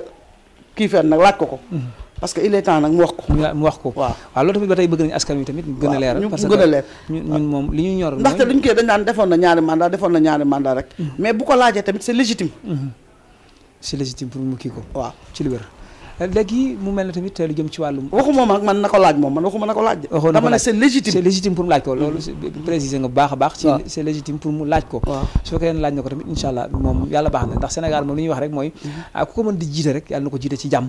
kii fenn nag laaj ko ko. Mm-hmm. parce que il est temps nag mu wax ko. mu wax ko waaw waaw loolu tamit ba tey bëgg nañu askan wi tamit. gën a leeral parce que gën a leer ñun moom li ñu ñor. mooy ndaxte duñ koy dañ naan defoon na ñaari mandat defoon na ñaari mandat rek. Mm-hmm. mais bu ko laajee tamit c'est légitime. pour mu kii ko. waaw ci li léegi mu mel ne tamit lu jëm ci wàllum waxuma ma man na ko laaj moom man waxuma na ko laaj dama ne c'est ko a laaj ko mm-hmm. su moom yàlla ñuy wax rek mooy mm-hmm. ah ku ko mën di jiite rek yàlla na ko jiite ci jàmm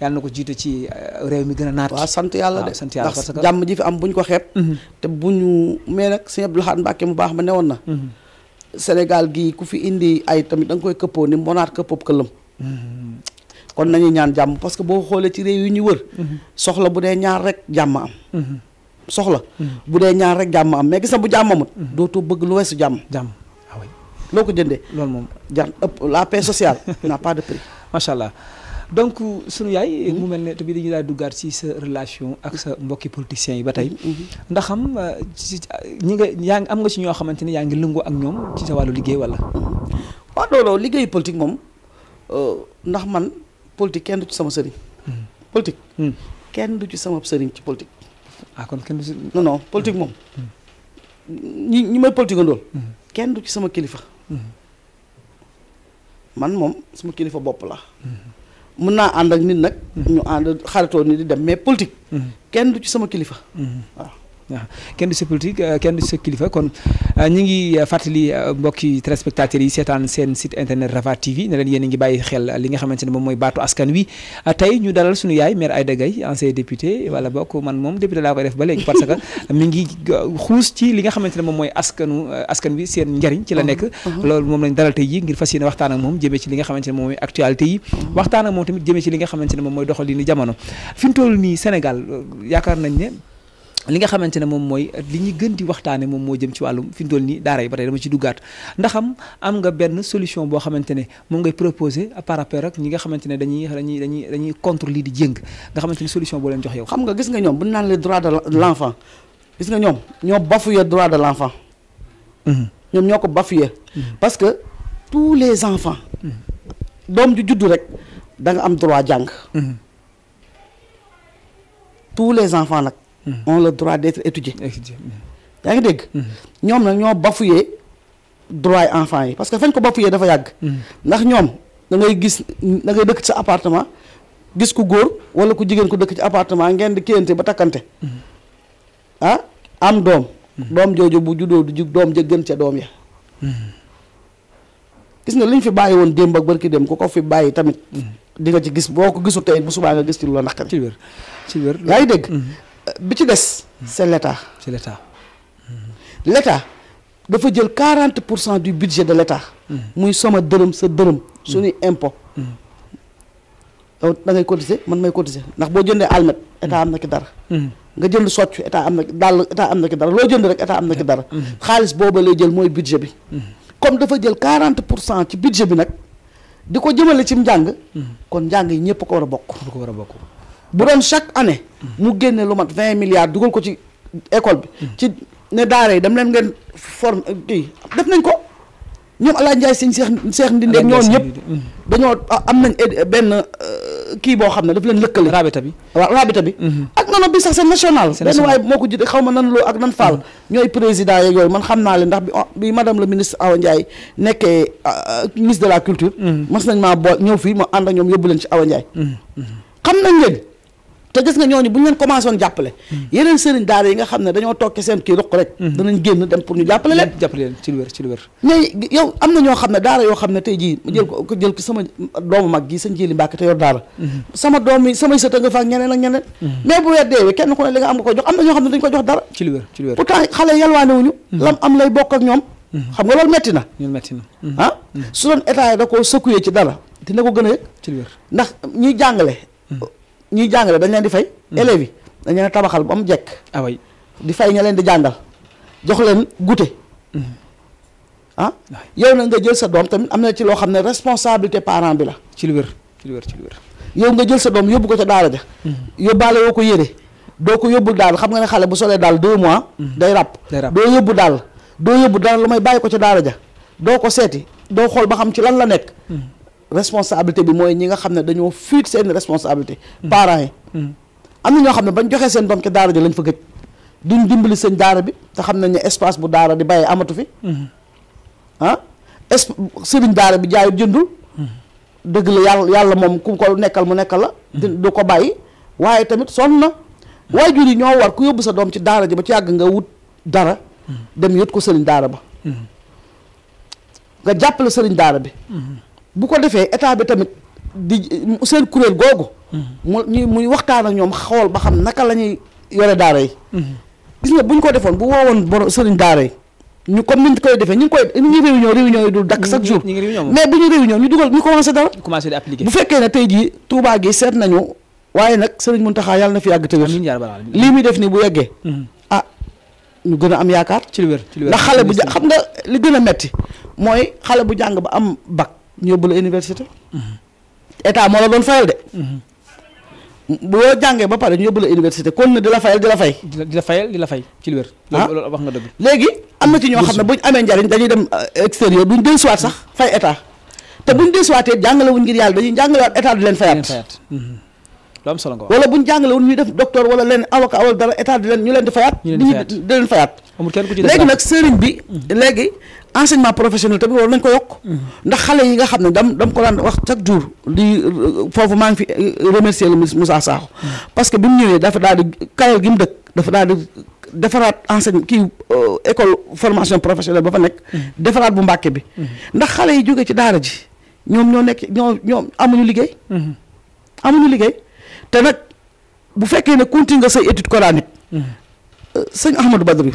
yàlla na ko jiite ci euh, réew mi gën a naat waaw sant yàlla de sant yàlla parce que jàmm ji fi am buñ ko xeeb mm-hmm. te buñu mais nag sëñ Abdou Lahad Mbacké mu baax ma newoon na Sénégal gii ku fi indi ay tamit da koy këppoo ni monaat këppoob këllam kon nañu ñaan jàmm parce que boo xoolee ci réew yi ñu wër soxla bu dee ñaar rek jàmm am soxla bu dee ñaar rek jàmm am mais gis na bu jàmm amut dootoo bëgg lu weesu jàmm jàmm ah loo ko jëndee loolu moom jar ëpp la paix sociale n'a pas de prix donc sunu yaay mu mel ne tamit dañuy daal duggaat ci sa relation ak sa mbokki politiciens yi ba tey mm-hmm. Mm-hmm. ndax xam euh, ci ñi nga yaa ngi am nga ci ñoo xamante ne yaa ngi lëngoo ak ñoom ci sa wàllu liggéey wala mm-hmm. waaw loolu liggéeyu politique moom euh, ndax man politique kenn du ci sama sëriñ. Hmm. politique. Hmm. kenn du ci sama sëriñ ci politique. ah kon kenn du moom. Hmm. ñi ñi may politique andool kenn du ci sama kilifa. man moom sama kilifa bopp la mën naa ànd ak nit nag. ñu ànd xaritoo ni di dem mais politique. kenn du ci sama kilifa. waaw. waaw ah, kenn du sa politique euh, kenn du sa kilifa kon euh, ñi ngi euh, fàttali mbokki téléspectateurs yi seetaan seen site internet Rafah TV ne leen ngi bàyyi xel li nga xamante ne moom mooy baatu askan wi ah, tey ñu dalal suñu yaay maire Aïda Gaye ancien député wala bokk man moom député laa koy def ba léegi parce que mi ngi xuus ci li nga xamante ne moom mooy askanu askan wi seen njariñ ci la nekk uh-huh. loolu moom lañ dalal tey yi ngir fas yéene waxtaan ak moom jëmee ci li nga xamante ne moom mooy actualité yi uh-huh. waxtaan ak moom tamit jëmee ci li nga xamante ne moom mooy doxalinu jamono fi mu toll nii Sénégal yaakaar nañ ne li nga xamante ne moom mooy li ñu gën di waxtaane moom moo jëm ci wàllu fi mu toll nii daara yi ba tey dama ci duggaat ndax am nga benn solution boo xamante ne moom ngay proposé par rapport ak ñi nga xamante ne dañuy dañuy dañuy dañuy contre di jëng nga xamante ne solution boo leen jox yow xam nga gis nga ñoom bu naan le droit de l'enfant gis nga ñoom ñoo bafoué droit de l'enfant mhm. ñoom ñoo ko bafoué mhm. parce que tous les enfants mhm. doom ju juddu rek da am droit jàng tous les enfants nag ont le droit d'être étudiés yaa ngi dégg mm-hmm. ñoom nag ñoo bafoué droit yi enfants yi parce que fañ ko bafoué dafa yàgg mm-hmm. ndax ñoom da ngay gis da ngay dëkk ci sa appartement gis ku góor wala ku jigéen ku dëkk ci appartement ngeen di kéyante ba takkante mm-hmm. ah am doom doom jooju bu juddoo du jug doom ja gën ca doom ya gis nga li ñu fi bàyyi woon démb ak barki démb ku ko fi bàyyi tamit di nga ci gis boo ko gisu tey bu subaa nga gis ci lu la naqari ci wér yaa ngi dégg bi ci des. c' est l' état. c' est mm-hmm. dafa jël quarante pour cent du budget de l' état. Mm-hmm. muy soma dërëm sa dërëm. Mm-hmm. su impôt. yow da ngay cotiser man may cotiser ndax boo jëndee almet état am na ki dara. nga jënd socc état am na ki dàll état am na ki dara loo jënd rek état am na ki dara. xaalis boobu lay jël mooy budget bi. comme dafa jël quarante pour cent ci budget bi nag di ko jëmale ci mu njàng. kon njàng yi ñëpp war a bokk. ko war a bokk. bu doon chaque année mu génne lu mat vingt milliards dugal ko ci école bi ci ne daara yi dem leen ngeen forme euh, kii def nañ ko ñoom El Hadj Ndiaye sëñ Seex Seex Ndindeeg ñoom ñëpp mm. dañoo am nañ benn euh, kii boo xam ne daf leen lëkkale rabita bi waaw rabita bi mm-hmm. ak nano bi sax seen national benn waaye moo ko jiite xaw ma nan loo ak nan faal mm-hmm. ñooy président yeeg yooyu man xam naa leen ndax bi bi madame la ministre Awa Ndiaye nekkee euh, ministre de la culture mm-hmm. mas nañ maa boo ñëw fii ma ànd ak ñoom yóbbu leen ci Awa Ndiaye xam nañ leen te gis nga ñooñu bu ñu leen commencé woon jàppale hmm. yeneen sëriñ daara yi nga xam ne dañoo tokki seen kii ruq rek hmm. danañ génn dem pour ñu jàppale leen hmm. jàppale leen ci ma jël ko jël ko sama doom yi samay sët nga fa ak ñeneen ak ñeneen mais bu weer deewee kenn ku li nga am nga ko jox am na ñoo xam ne dañ ko jox dara ci lu wér ci lu wér lam am lay bokk ak ñoom xam nga loolu metti na ah? su doon état da koo secoué ci dara dina ko gën a yëg ndax ñuy ñuy jàngale dañ leen di fay. Hmm. élèves yi dañ leen tabaxal ba mu jekk. ah di fay ña leen di jàngal jox leen goûter. Hmm. ah, ah yow nag nga jël sa doom tamit am na ci loo xam ne responsabilité parent bi la. ci lu wér yow nga jël sa doom yóbbu ko ca daara ja. Hmm. yóbbaale woo ko yére doo ko yóbbu daal xam nga ne xale bu solee daal deux mois. day ràpp doo yóbbu daal doo yóbbu daal lu may bàyyi ko ca daara ja doo ko seeti doo xool ba xam ci lan la nekk. responsabilité bi mooy ñi nga xam ne dañoo fuite seen responsabilité hmm. parents yi hmm. am na ñoo xam ne bañ joxee seen doom ca daara ji lañ fa gëj duñ dimbali seen daara bi te xam nañ ne espace bu daara di bàyyee amatu fi hmm. ah, sëriñ daara bi jaayut jëndul dëgg la yàlla yàlla moom ku nekkal mu nekkal la du ko bàyyi waaye tamit sonn na waajur yi ñoo war ku yóbbu sa doom ci daara ji ba ci yàgg nga wut dara dem yót ko sëriñ daara ba nga jàppale sëriñ daara bi bu ko defee état bi tamit di seen kuréel googu. mu ñuy muy waxtaan ak ñoom xool ba xam naka la ñuy yore daara yi. gis nga bu ñu ko defoon bu woowoon borom sëriñ daara yi ñu ko ni ñu koy defee ñu ngi koy ñu ngi réunion réunion yi dul dakk chaque jour mais bu ñu réunion ñu dugal ñu commencé dara commencé di appliquer bu fekkee ne tey jii Touba gi seet nañu waaye nag sëriñ Mountakha yàlla na fi àgg te wér lii muy def nii bu yeggee mm-hmm. ah ñu gën a am yaakaar ci lu wér ndax xale bu xam nga li gën a metti mooy xale bu jàng ba am bac ñu yóbbu la université. Mm-hmm. état moo la doon fayal de. Mm-hmm. boo jàngee ba pare ñu yóbbu la université kon na di la fayal di la fay. di la fayal di la fay ci lu wér. Ah. loolu wax nga dëgg. léegi am na ñoo xam ne bu ñu amee njariñ dañuy dem euh, extérieur duñ dellusiwaat sax mm-hmm. fay état te buñ dellusiwaatee jàngale wuñ ngir yàlla dañuy jàngalewaat état du leen fayaat. lu am solo nga wax wala buñ jàngale wuñ ñuy def docteur wala leen avocat wala dara di leen ñu leen di fayaat. ñu leen di fayaat di leen fayaat. amul kenn ku ci def léegi nag sëriñ bi léegi. enseignement professionnel tamit war nañ ko yokk hmm. ndax xale yi nga xam ne dam dam ko daan wax chaque jour di euh, foofu maa ngi fi euh, remercier le ministre Moussa Sakho hmm. parce que bi mu ñëwee dafa daal di kayal gi mu dëkk dafa daal di defaraat enseigne kii euh, école formation professionnelle ba fa nekk hmm. defaraat bu Mbàkke bi ndax xale yi jóge ci daala ji ñoom ñoo nekk ñoo ñoom amuñu liggéey amuñu liggéey te nag bu fekkee ne continue nga say étude coranique sëñ Ahmadou Badri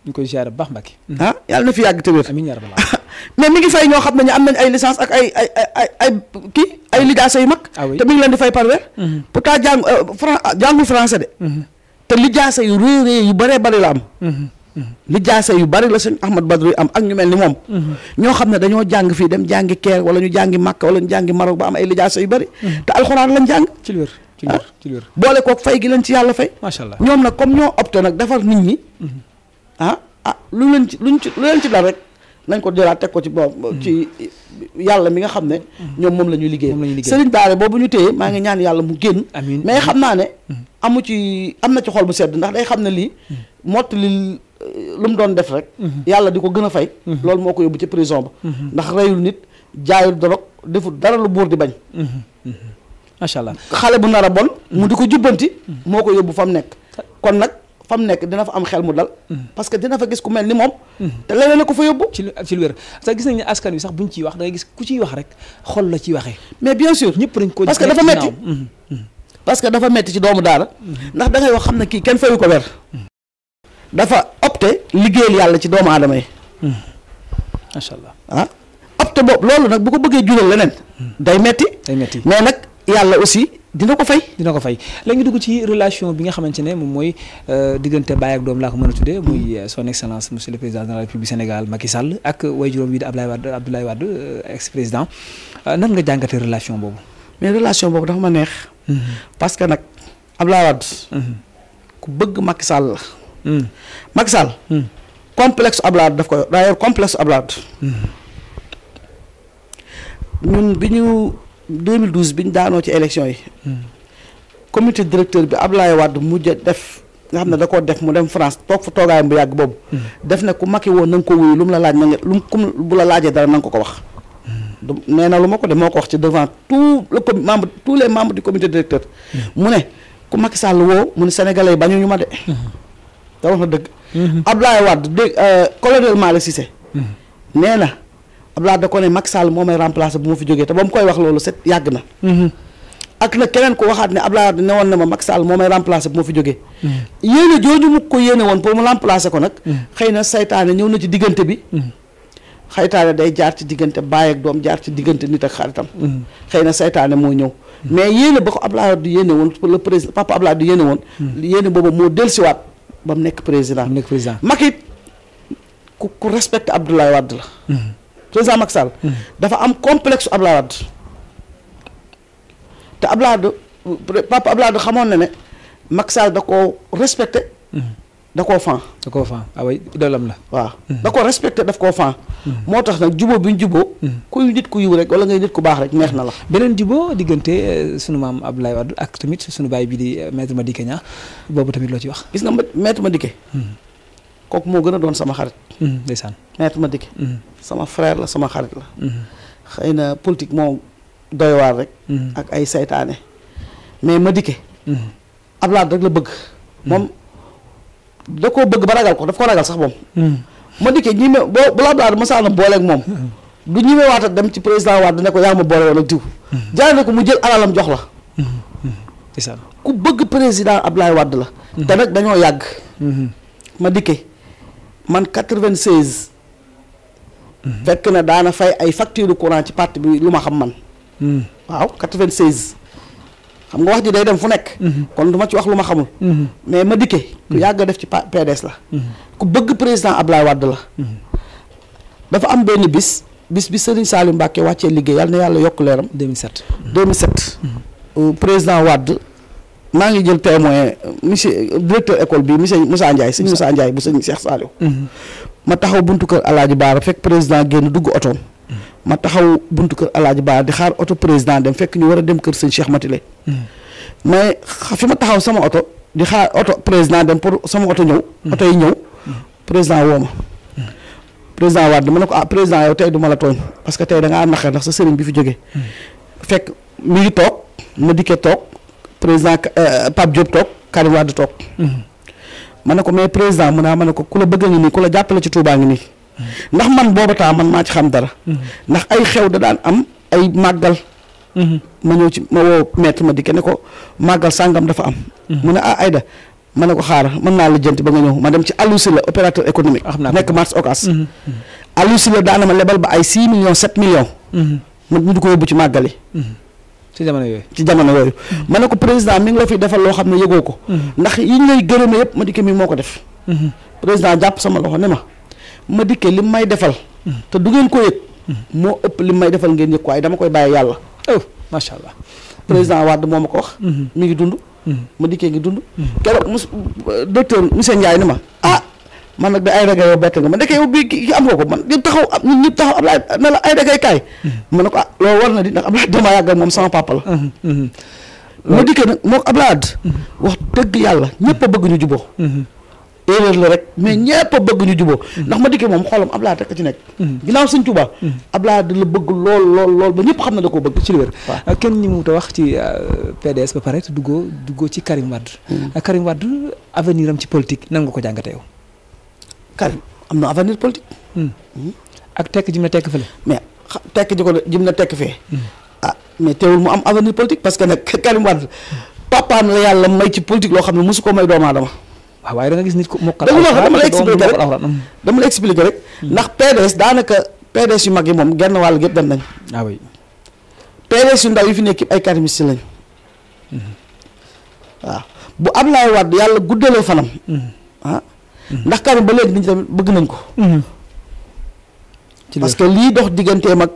ñu koy ziare baax Mbacke. ah yàlla na fi yàgg te wér. amiin yaa rabbal mais mi ngi fay ñoo xam ne am nañ ay licence ak ay ay ay ay kii ay lijaasa yu mag. Ah te mi ngi leen di fay par weer. Mm-hmm. pourtant jàng euh, fran ah, jàngul français de. Mm-hmm. te lijaasa yu rëy rëy yu bëree la am. Mm-hmm. yu bëri la sëñ Ahmad Badru am ak ñu mel ni moom. ñoo xam ne dañoo jàng fii dem jàngi Caire wala ñu jàngi Makka wala ñu jàngi Maroc ba am ay lijaasa yu bëri. te alxuraan lañ jàng. ci ah. wér boole kook fay gi lañ ci yàlla fay. macha allah ñoom nag comme ñoo opté nag defar nit ñi ah ah lu leen ci lu leen ci dal rek nañ ko jëlaat teg ko ci boobu hmm. ci yàlla mi nga xam ne hmm. ñoom moom la ñuy liggéey sëriñ Baare boobu ñu téye maa ngi ñaan yàlla mu génn mais xam naa ne hmm. amu ci am na ci xol bu sedd ndax day xam ne lii mott li eh, lu mu doon def rek yàlla di ko gën a fay loolu moo ko yóbbu ci prison ba ndax reyul nit jaayul dorog deful dara lu buur di bañ macha allah xale bu nar a bon mu di ko jubbanti moo ko yóbbu fa mu nekk kon nag fa mu nekk dina fa am xel mu dal. Mm. parce que dina fa gis ku mel ni moom. Mm. te leneen la ko fa yóbbu. ci lu wér sax gis nañ ne askan wi sax buñ ciy wax da gis ku ciy wax rek xol la ciy waxee. mais bien sûr ñëpp dañ ko. parce que dafa metti mm-hmm. Mm-hmm. parce que dafa metti ci doomu daara. Mm-hmm. ndax dangay wax xam ne kii kenn fayu ko wer. dafa opté liggéeyal yàlla ci doomu aadama yi. macha allah ah opté boobu loolu nag bu ko bëggee jural leneen. day metti day metti mais nag yàlla aussi. dina ko fay dina ko fay léegi dugg ci relation bi nga xamante ne moom mooy euh, diggante baay ak doom laa ko mën a tuddee muy euh, son excellence monsieur le président de la république Sénégal Macky Sall ak way juróom wi di Abdoulaye Wade Abdoulaye Wade euh, ex président nan nga jàngatee relation boobu. mais relation boobu dafa ma neex. Mm-hmm. parce que nag Abdoulaye Wade. Mm-hmm. ku bëgg Macky Sall la. Mm. Macky Sall. Mm. complexe Abdoulaye daf ko yor daa yor complexe mm-hmm. bi ñu. 2012 bi ñu daanoo ci élection yi. comité directeur bi Ablaye Wade mujj def nga xam ne da koo def mu dem France toog fa toogaayam bu yàgg boobu. Hmm. def ne ku makki woon na ko wuyu lu mu la laaj na nga lu mu kum bu la laajee dara na nga ko ko wax. Hmm. nee na lu ma ko de moo ko wax ci devant tout le com membre tous les membres du comité directeur. Hmm. mu ne ku Macky Sall woo mu ne sénégalais yi bañu ñu ma de. da wax na dëgg. Ablaye Wade dé euh, colonel Malick si nee na Abdoulaye da ko ne Macky Sall moo may remplacer bu ma fi jógee te ba mu koy wax loolu set yàgg na. Mm-hmm. ak nag keneen ku waxaat ne Abdoulaye Wade ne woon na ma Macky Sall moo may remplacer ma fi jógee. Mm-hmm. ko yéene woon pour mu remplacer ko nag. Mm-hmm. xëy na ci diggante bi. saytaane day jaar ci diggante baay ak doom jaar ci diggante nit ak xaritam. xëy na saytaane moo ñëw. mais yéene ba ko Abdoulaye Wade yéene woon pour le président papa Abdoulaye Wade yéene woon. yéene boobu moo dellusiwaat ba mu nekk président. mu nekk président ku ku respecte Abdoulaye Wade la. président Macky Sall. Hmm. dafa am complexe Abdoulaye Wade te Abdoulaye Wade papa Abdoulaye Wade xamoon na ne Macky Sall da koo respecté. Hmm. da koo fan. da koo fan ah oui idoolam la. waaw hmm. da koo respecté daf koo fan. moo tax nag jubóo bi ñu jubóo. kuy nit ku yiw rek wala ngay nit ku baax rek neex na la. beneen jubóo diggante euh, sunu maam Abdoulaye Wade ak tamit sunu baay bi di euh, ma Madické Niang boobu tamit loo ci wax. gis nga ma Madické. kooku moo gën a doon sama xarit. Hmm, ndeysaan maître Madické. Hmm. sama frère la sama xarit la. Hmm. xëy na politique moo doy waar rek. ak ay saytaane mais Madické. Ablaat rek la bëgg. moom da koo bëgg ko daf ko ragal sax moom. Madické ñi ma boo bu la Ablaat masaana booleeg moom. du ñi waata dem ci président Wade ne ko yaa ma boole woon ak diw. jaay ko mu jël alalam jox la. ku bëgg président Ablaye Wade la. te nag dañoo yàgg. ma Madické. man 96. fekk na daana fay ay facture courant ci parti bi lu ma xam man. Hmm. waaw 96. xam nga wax ji day dem fu nekk. Hmm. kon du ma ci wax lu ma xamul. Hmm. mais ma dikkee. ku yàgg def ci pa PDS la. ku bëgg président Ablaye Wade la. dafa am benn bis bis bi Serigne Salim Mbacké wàccee liggéey yal na yàlla yokk leeram. 2007 2007. Euh, président Wade. maa ngi jël témoin monsieur directeur école bi monsieur Moussa Ndiaye sëñ Moussa Ndiaye bu sëñ Cheikh Saliou mm-hmm. ma taxaw buntu kër Alaaji Baara fekk président génn dugg otoom mm-hmm. ma taxaw buntu kër Alaaji Baara di xaar oto président dem fekk ñu war a dem kër sëñ Cheikh Matilé mm-hmm. mais fi ma taxaw sama oto di xaar oto président dem pour sama oto ñëw oto yi ñëw président woo ma président Wade dama ne ko ah président yow tey du la tooñ parce que tey da ngaa am naqar ndax sa bi fi jógee fekk président euh, Pape Diop toog Karim Wade toog. Mhm. ma ne ko mais président mu naa ma ne ko ku la bëgg ngi nii ku la jàppale ci Touba ngi nii. Mhm. ndax man booba taa man maa ci xam dara. Mhm. ndax ay xew da daan am ay màggal. ma ñëw ci ma woo maître ma dikkee ne ko màggal sàngam dafa am. mu ne ah Aïda ma ne ko xaaral mën naa la jënt ba nga ñëw ma dem ci Aliou Sylla opérateur économique. Ah, nekk Mars Ocas. Aliou Sylla daana ma lebal ba ay 6 millions 7 millions. ma ñu di ko yóbbu ci màggal ci jamono yooyu ci jamono yooyu. Mm-hmm. ma ne ko président mi ngi la fi defal loo xam ne yëgoo ko. Mm-hmm. ndax yi ñu gërëme yëpp ma dikke mi moo ko def. Mm-hmm. président jàpp sama loxo ne ma ma dikke li may defal. te du ngeen ko yëg. moo ëpp li may defal ngeen yëg waaye dama koy bàyyi yàlla. oh macha allah président Wade moo ma ko wax. mi ngi dund. ma dikkee ngi dund. keroog monsieur docteur monsieur Ndiaye ne ma ah. man nag da ay dagay yow bett nga ma ndeke yow bii ki am nga ko man ñun taxaw ñun ñëpp taxaw Ablaye ne la ay dagay kaay. Mm-hmm. ma na ko ah loolu war na di ndax Ablaye dama yàgg ak moom sama papa la. Mm-hmm. Mm-hmm. ma dikkee nag moom wax dëgg yàlla ñëpp bëgg ñu jubóo. erreur rek mais ñëpp a bëgg ñu jubóo. ndax ma dikkee moom xoolam Ablaye rek a ci nekk. ginnaaw Sëñ ab laa di la bëgg lool lool lool ba ñëpp xam na la koo bëgg ci li wér. Euh, kenn ñi mu ta wax ci euh, PDS ba pare te duggoo duggoo ci Karim Wade. Karim Wade avenir am ci politique nan nga ko jàngatee yow Karim am na avenir politique. Hmm. Hmm? ak tekk jim na tekk fële. mais tekk ji ko jim na tekk fee. Hmm. ah mais teewul mu am avenir politique parce que nag Karim Wade papaam la yàlla may ci politique loo xam ne mosu ko may doomu aadama. waaw waaye da gis nit ku mokkal. dama la expliquer rek dama la expliquer rek. ndax yu mag yi moom genn wàll gépp dem nañ. ah oui PDS yu ndaw yi fi nekk ay karimiste lañ. waaw bu Ablaye Wade yàlla guddalee fanam. ah. ndax Karim ba léegi nit ñi tamit bëgg nañ ko. Mhm. parce que lii dox digganteem mag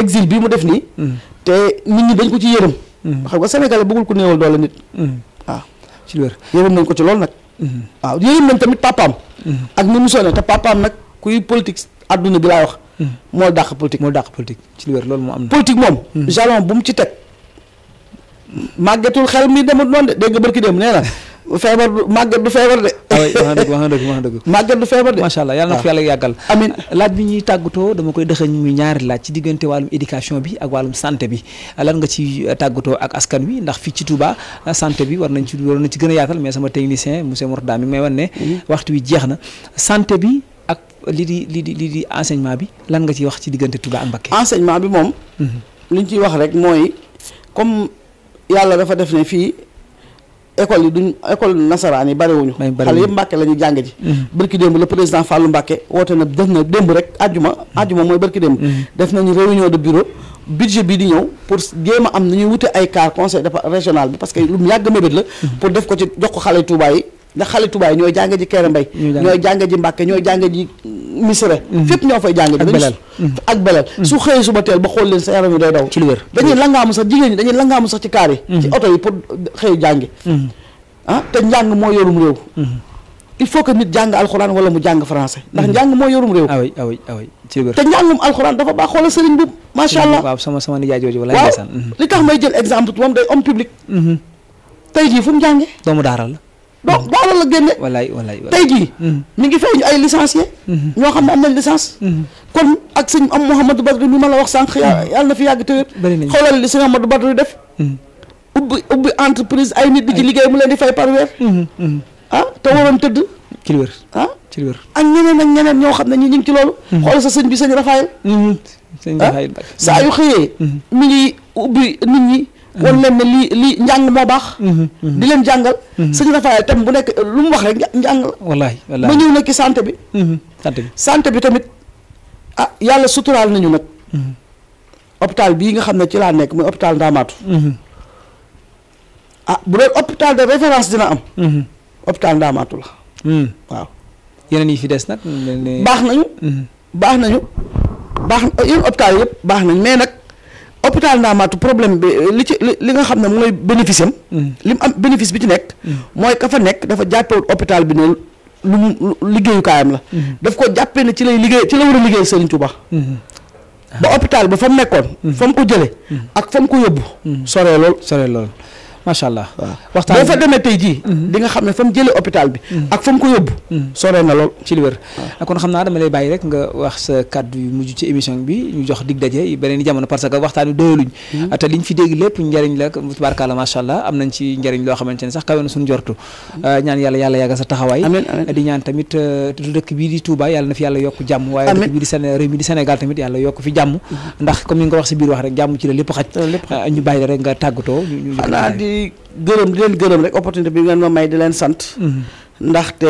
exil bi mu def nii. Mhm. te nit ñi dañ ko ci yërëm. Mhm. xam nga senegale bëggul ku néewal doole nit. waaw ci wér yërëm nañ ko ci loolu nag. waaw yërëm nañ tamit papaam. ak ni mu sonné te papaam nag kuy politique àdduna bi laa wax. moo dàq politique moo dàq politique ci lu wér loolu moo am. politique moom. jalon bu mu ci teg màggetul xel mi dem noonu de dégg nga ki dem nee feebar du màgget du feebar de. Ah wax dëgg wax dëgg wax dëgg. màgget du feebar de. macha allah yàlla na ko ah. yàlla yàggal. amiin laaj bi ñuy tàggatoo dama koy dëxëñ muy ñaari laaj ci diggante wàllum éducation bi ak wàllum santé bi lan nga ci euh, tàggatoo ak askan wi ndax fii ci Touba euh, santé bi war nañ ci war nañ ci gën a yaatal mais sama technicien monsieur Mourtada mi may wan ne. Mm-hmm. waxtu wi jeex na santé bi ak li di li di li di enseignement bi lan nga ciy wax ci diggante Touba ak Mbacké. enseignement bi moom. Mm-hmm. li ñu ciy wax rek mooy comme yàlla dafa def ne fii. école yi duñ école nasaraan yi bariwuñu xale yëpp Mbàkke la ñuy jàng ji mm-hmm. bërki démb le président Fallou Mbàkke woote na def na démb rek àjjuma mm-hmm. àjjuma mooy bërki démb mm-hmm. def nañu réunion de bureau budget bi di ñëw pour jéem a am nañuy wute ay car conseil régional bi parce que lu mu mébét la pour def ko ci jox ko xale Touba yi ndax xale tubaay ñooy jàng ji Kéré Mbay ñooy jàng ji Mbàkke ñooy jàng ji Misira mm-hmm. fépp ñoo fay jàng ji ak belal mm-hmm. su xëyee suba teel ba xool leen sa yaram yi day daw ci lu wér dañuy langaamu sax jigéen ñi dañuy langaamu sax ci kaar yi mm-hmm. ci oto yi pour xëy jàngi ah, te njàng moo yorum réew il faut que nit jàng alxuraan wala mu jàng français ndax njàng moo yorum réew ah oui ah oui ah te njàngum alxuraan dafa baax xoolal sëriñ bu macha allah waaw sama sama nijaay jooju wala waaw li tax may jël exemple moom day homme public tey jii fu mu jàngee doomu daara la donc daal mm-hmm. la génne. walaay walaay tey jii. Mm-hmm. mi ngi feeñ ay licenciés. Mm-hmm. ñoo xam ne am nañ licence. kon ak sëñ am Mouhamadou Badri mi ma la wax sànq. na fi yàgg te wér. xoolal li sëñ Mouhamadou Badri def. ubbi ubbi entreprise ay nit di ci liggéey mu leen di fay par weer. ah te waroon tëdd. ci wér ah ci wér. ak ñeneen ak ñeneen ñoo xam ne ñi ngi ci loolu. xoolal sa sëñ bi sëñ Rafael. sëñ ah. Rafael saa yu mi ngi ubbi nit ñi. wan leen ne lii lii njàng ma baax mhm, mhm. di leen jàngal mhm. sëñ Rafael tam bu nekk lu mu wax rek njàng la wallaahi wallaahi ma ñëw nekk santé bi santé bi tamit ah yàlla suturaal nañu nag hôpital bii nga xam ne ci laa nekk muy hôpital Ndamaatu ah bu doon hôpital de référence dina am hôpital Ndamaatu la yi fi des nag baax nañu baax nañu baax yeneen hôpital yëpp baax nañ mais nag hôpital Ndamatou problème bi euh, li ci li nga xam ne mooy bénéfice am. Mm. li mu am bénéfice bi ci nekk. Mm. mooy ka fa nekk dafa jàppewul hôpital bi ne lu mu liggéeyukaayam la. Mm. daf ko jàppe ne ci lay liggéey ci la war a liggéey Serigne Touba. ba hôpital ba fa mu nekkoon. fa mu ko jëlee. ak fa mu ko yóbbu. soree lool soree lool. macha allah waxtaan boo fa demee tey jii mm-hmm. di xam ne fa mu jëlee hôpital bi mm-hmm. ak fa mu ko yóbbu mm-hmm. sore na lool ci li wér kon xam naa dama lay bàyyi rek nga wax sa kàddu yu mujj ci émission bi ñu jox dig daje beneen jamono parce que waxtaan wi doyaluñ te liñ fi dégg lépp njëriñ la tabaarkalla macha allah am nañ ci njëriñ loo xamante ne sax kawe yàlla na fi yàlla yokk jàmm waaye dëkk bii di Sénégal tamit yàlla yokk fi jàmm ndax comme ni nga wax si biir wax rek jàmm ci la lépp xaj euh, ñu bàyyi rek nga tàggatoo di gërëm di leen gërëm rek opportunité bi ngeen ma may di leen sant. Mhm. ndaxte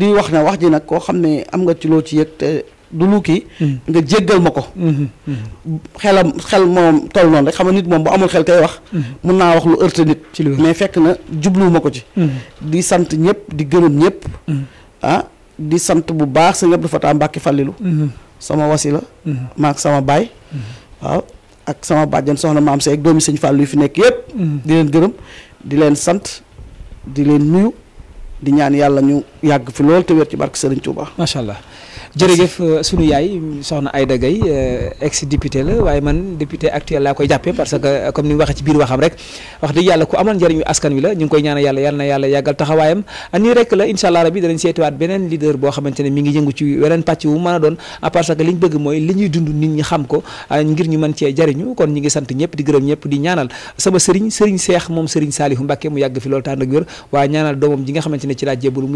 di wax ne wax ji nag koo xam ne am nga ci loo ci yëg te du lu kii. Mhm. nga jéggal ma ko. Mhm. xelam xel moom toll noonu rek xam nga nit moom bu amul xel kay wax. mun naa wax lu heurte nit. ci mais fekk na jubluwuma ko ci. di sant ñëpp di gërëm ñëpp. Ah, di sant bu baax sëñ Abdou Fatah Mbacke Fallilou. sama wasila. maak sama baay. waaw ak sama bàjjan soxna maam Seck doomi sëñ faal yu fi nekk yëpp. Mm. di leen gërëm di leen sant di leen nuyu di ñaan yàlla ñu yàgg fi lool te wér ci barke Serigne Touba. macha allah. jërëjëf euh, sunu yaay soxna Aïda Gaye ex euh, député la waaye man député actuel laa koy jàppee parce que euh, comme ni mu waxee ci biir waxam rek wax dëgg yàlla ku amal njëriñu askan wi la ñu ngi koy ñaanal yàlla yàlla na yàlla yàggal taxawaayam ah, nii rek la incha allah rabi danañ seetiwaat beneen leader boo xamante ne mi ngi yëngu ci weneen pàcc wu mën a doon parce que liñ bëgg mooy li ñuy dund nit ñi xam ko ah, ngir ñu mën cee jariñu kon ñi ngi sant ñëpp di gërëm ñëpp di ñaanal sama sëriñ sëriñ seex moom sëriñ Saalihu Mbàkke mu yàgg fi lool te ànd ak wér waaye ñaanal doomam ji nga ne ci laa jébbalu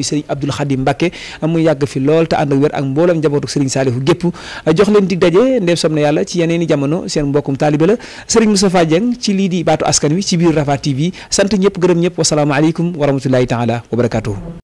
ah, fi lool mboolem njabootu Serigne Saliou gépp jox leen dig daje ndeem sob yàlla ci yeneen i jamono seen mbokkum taalibe la Serigne Moustapha Dieng ci lii di baatu askan wi ci biir Rafah TV sant ñëpp gërëm ñëpp wasalaamaaleykum wa rahmatullahi taala wa barakatuhu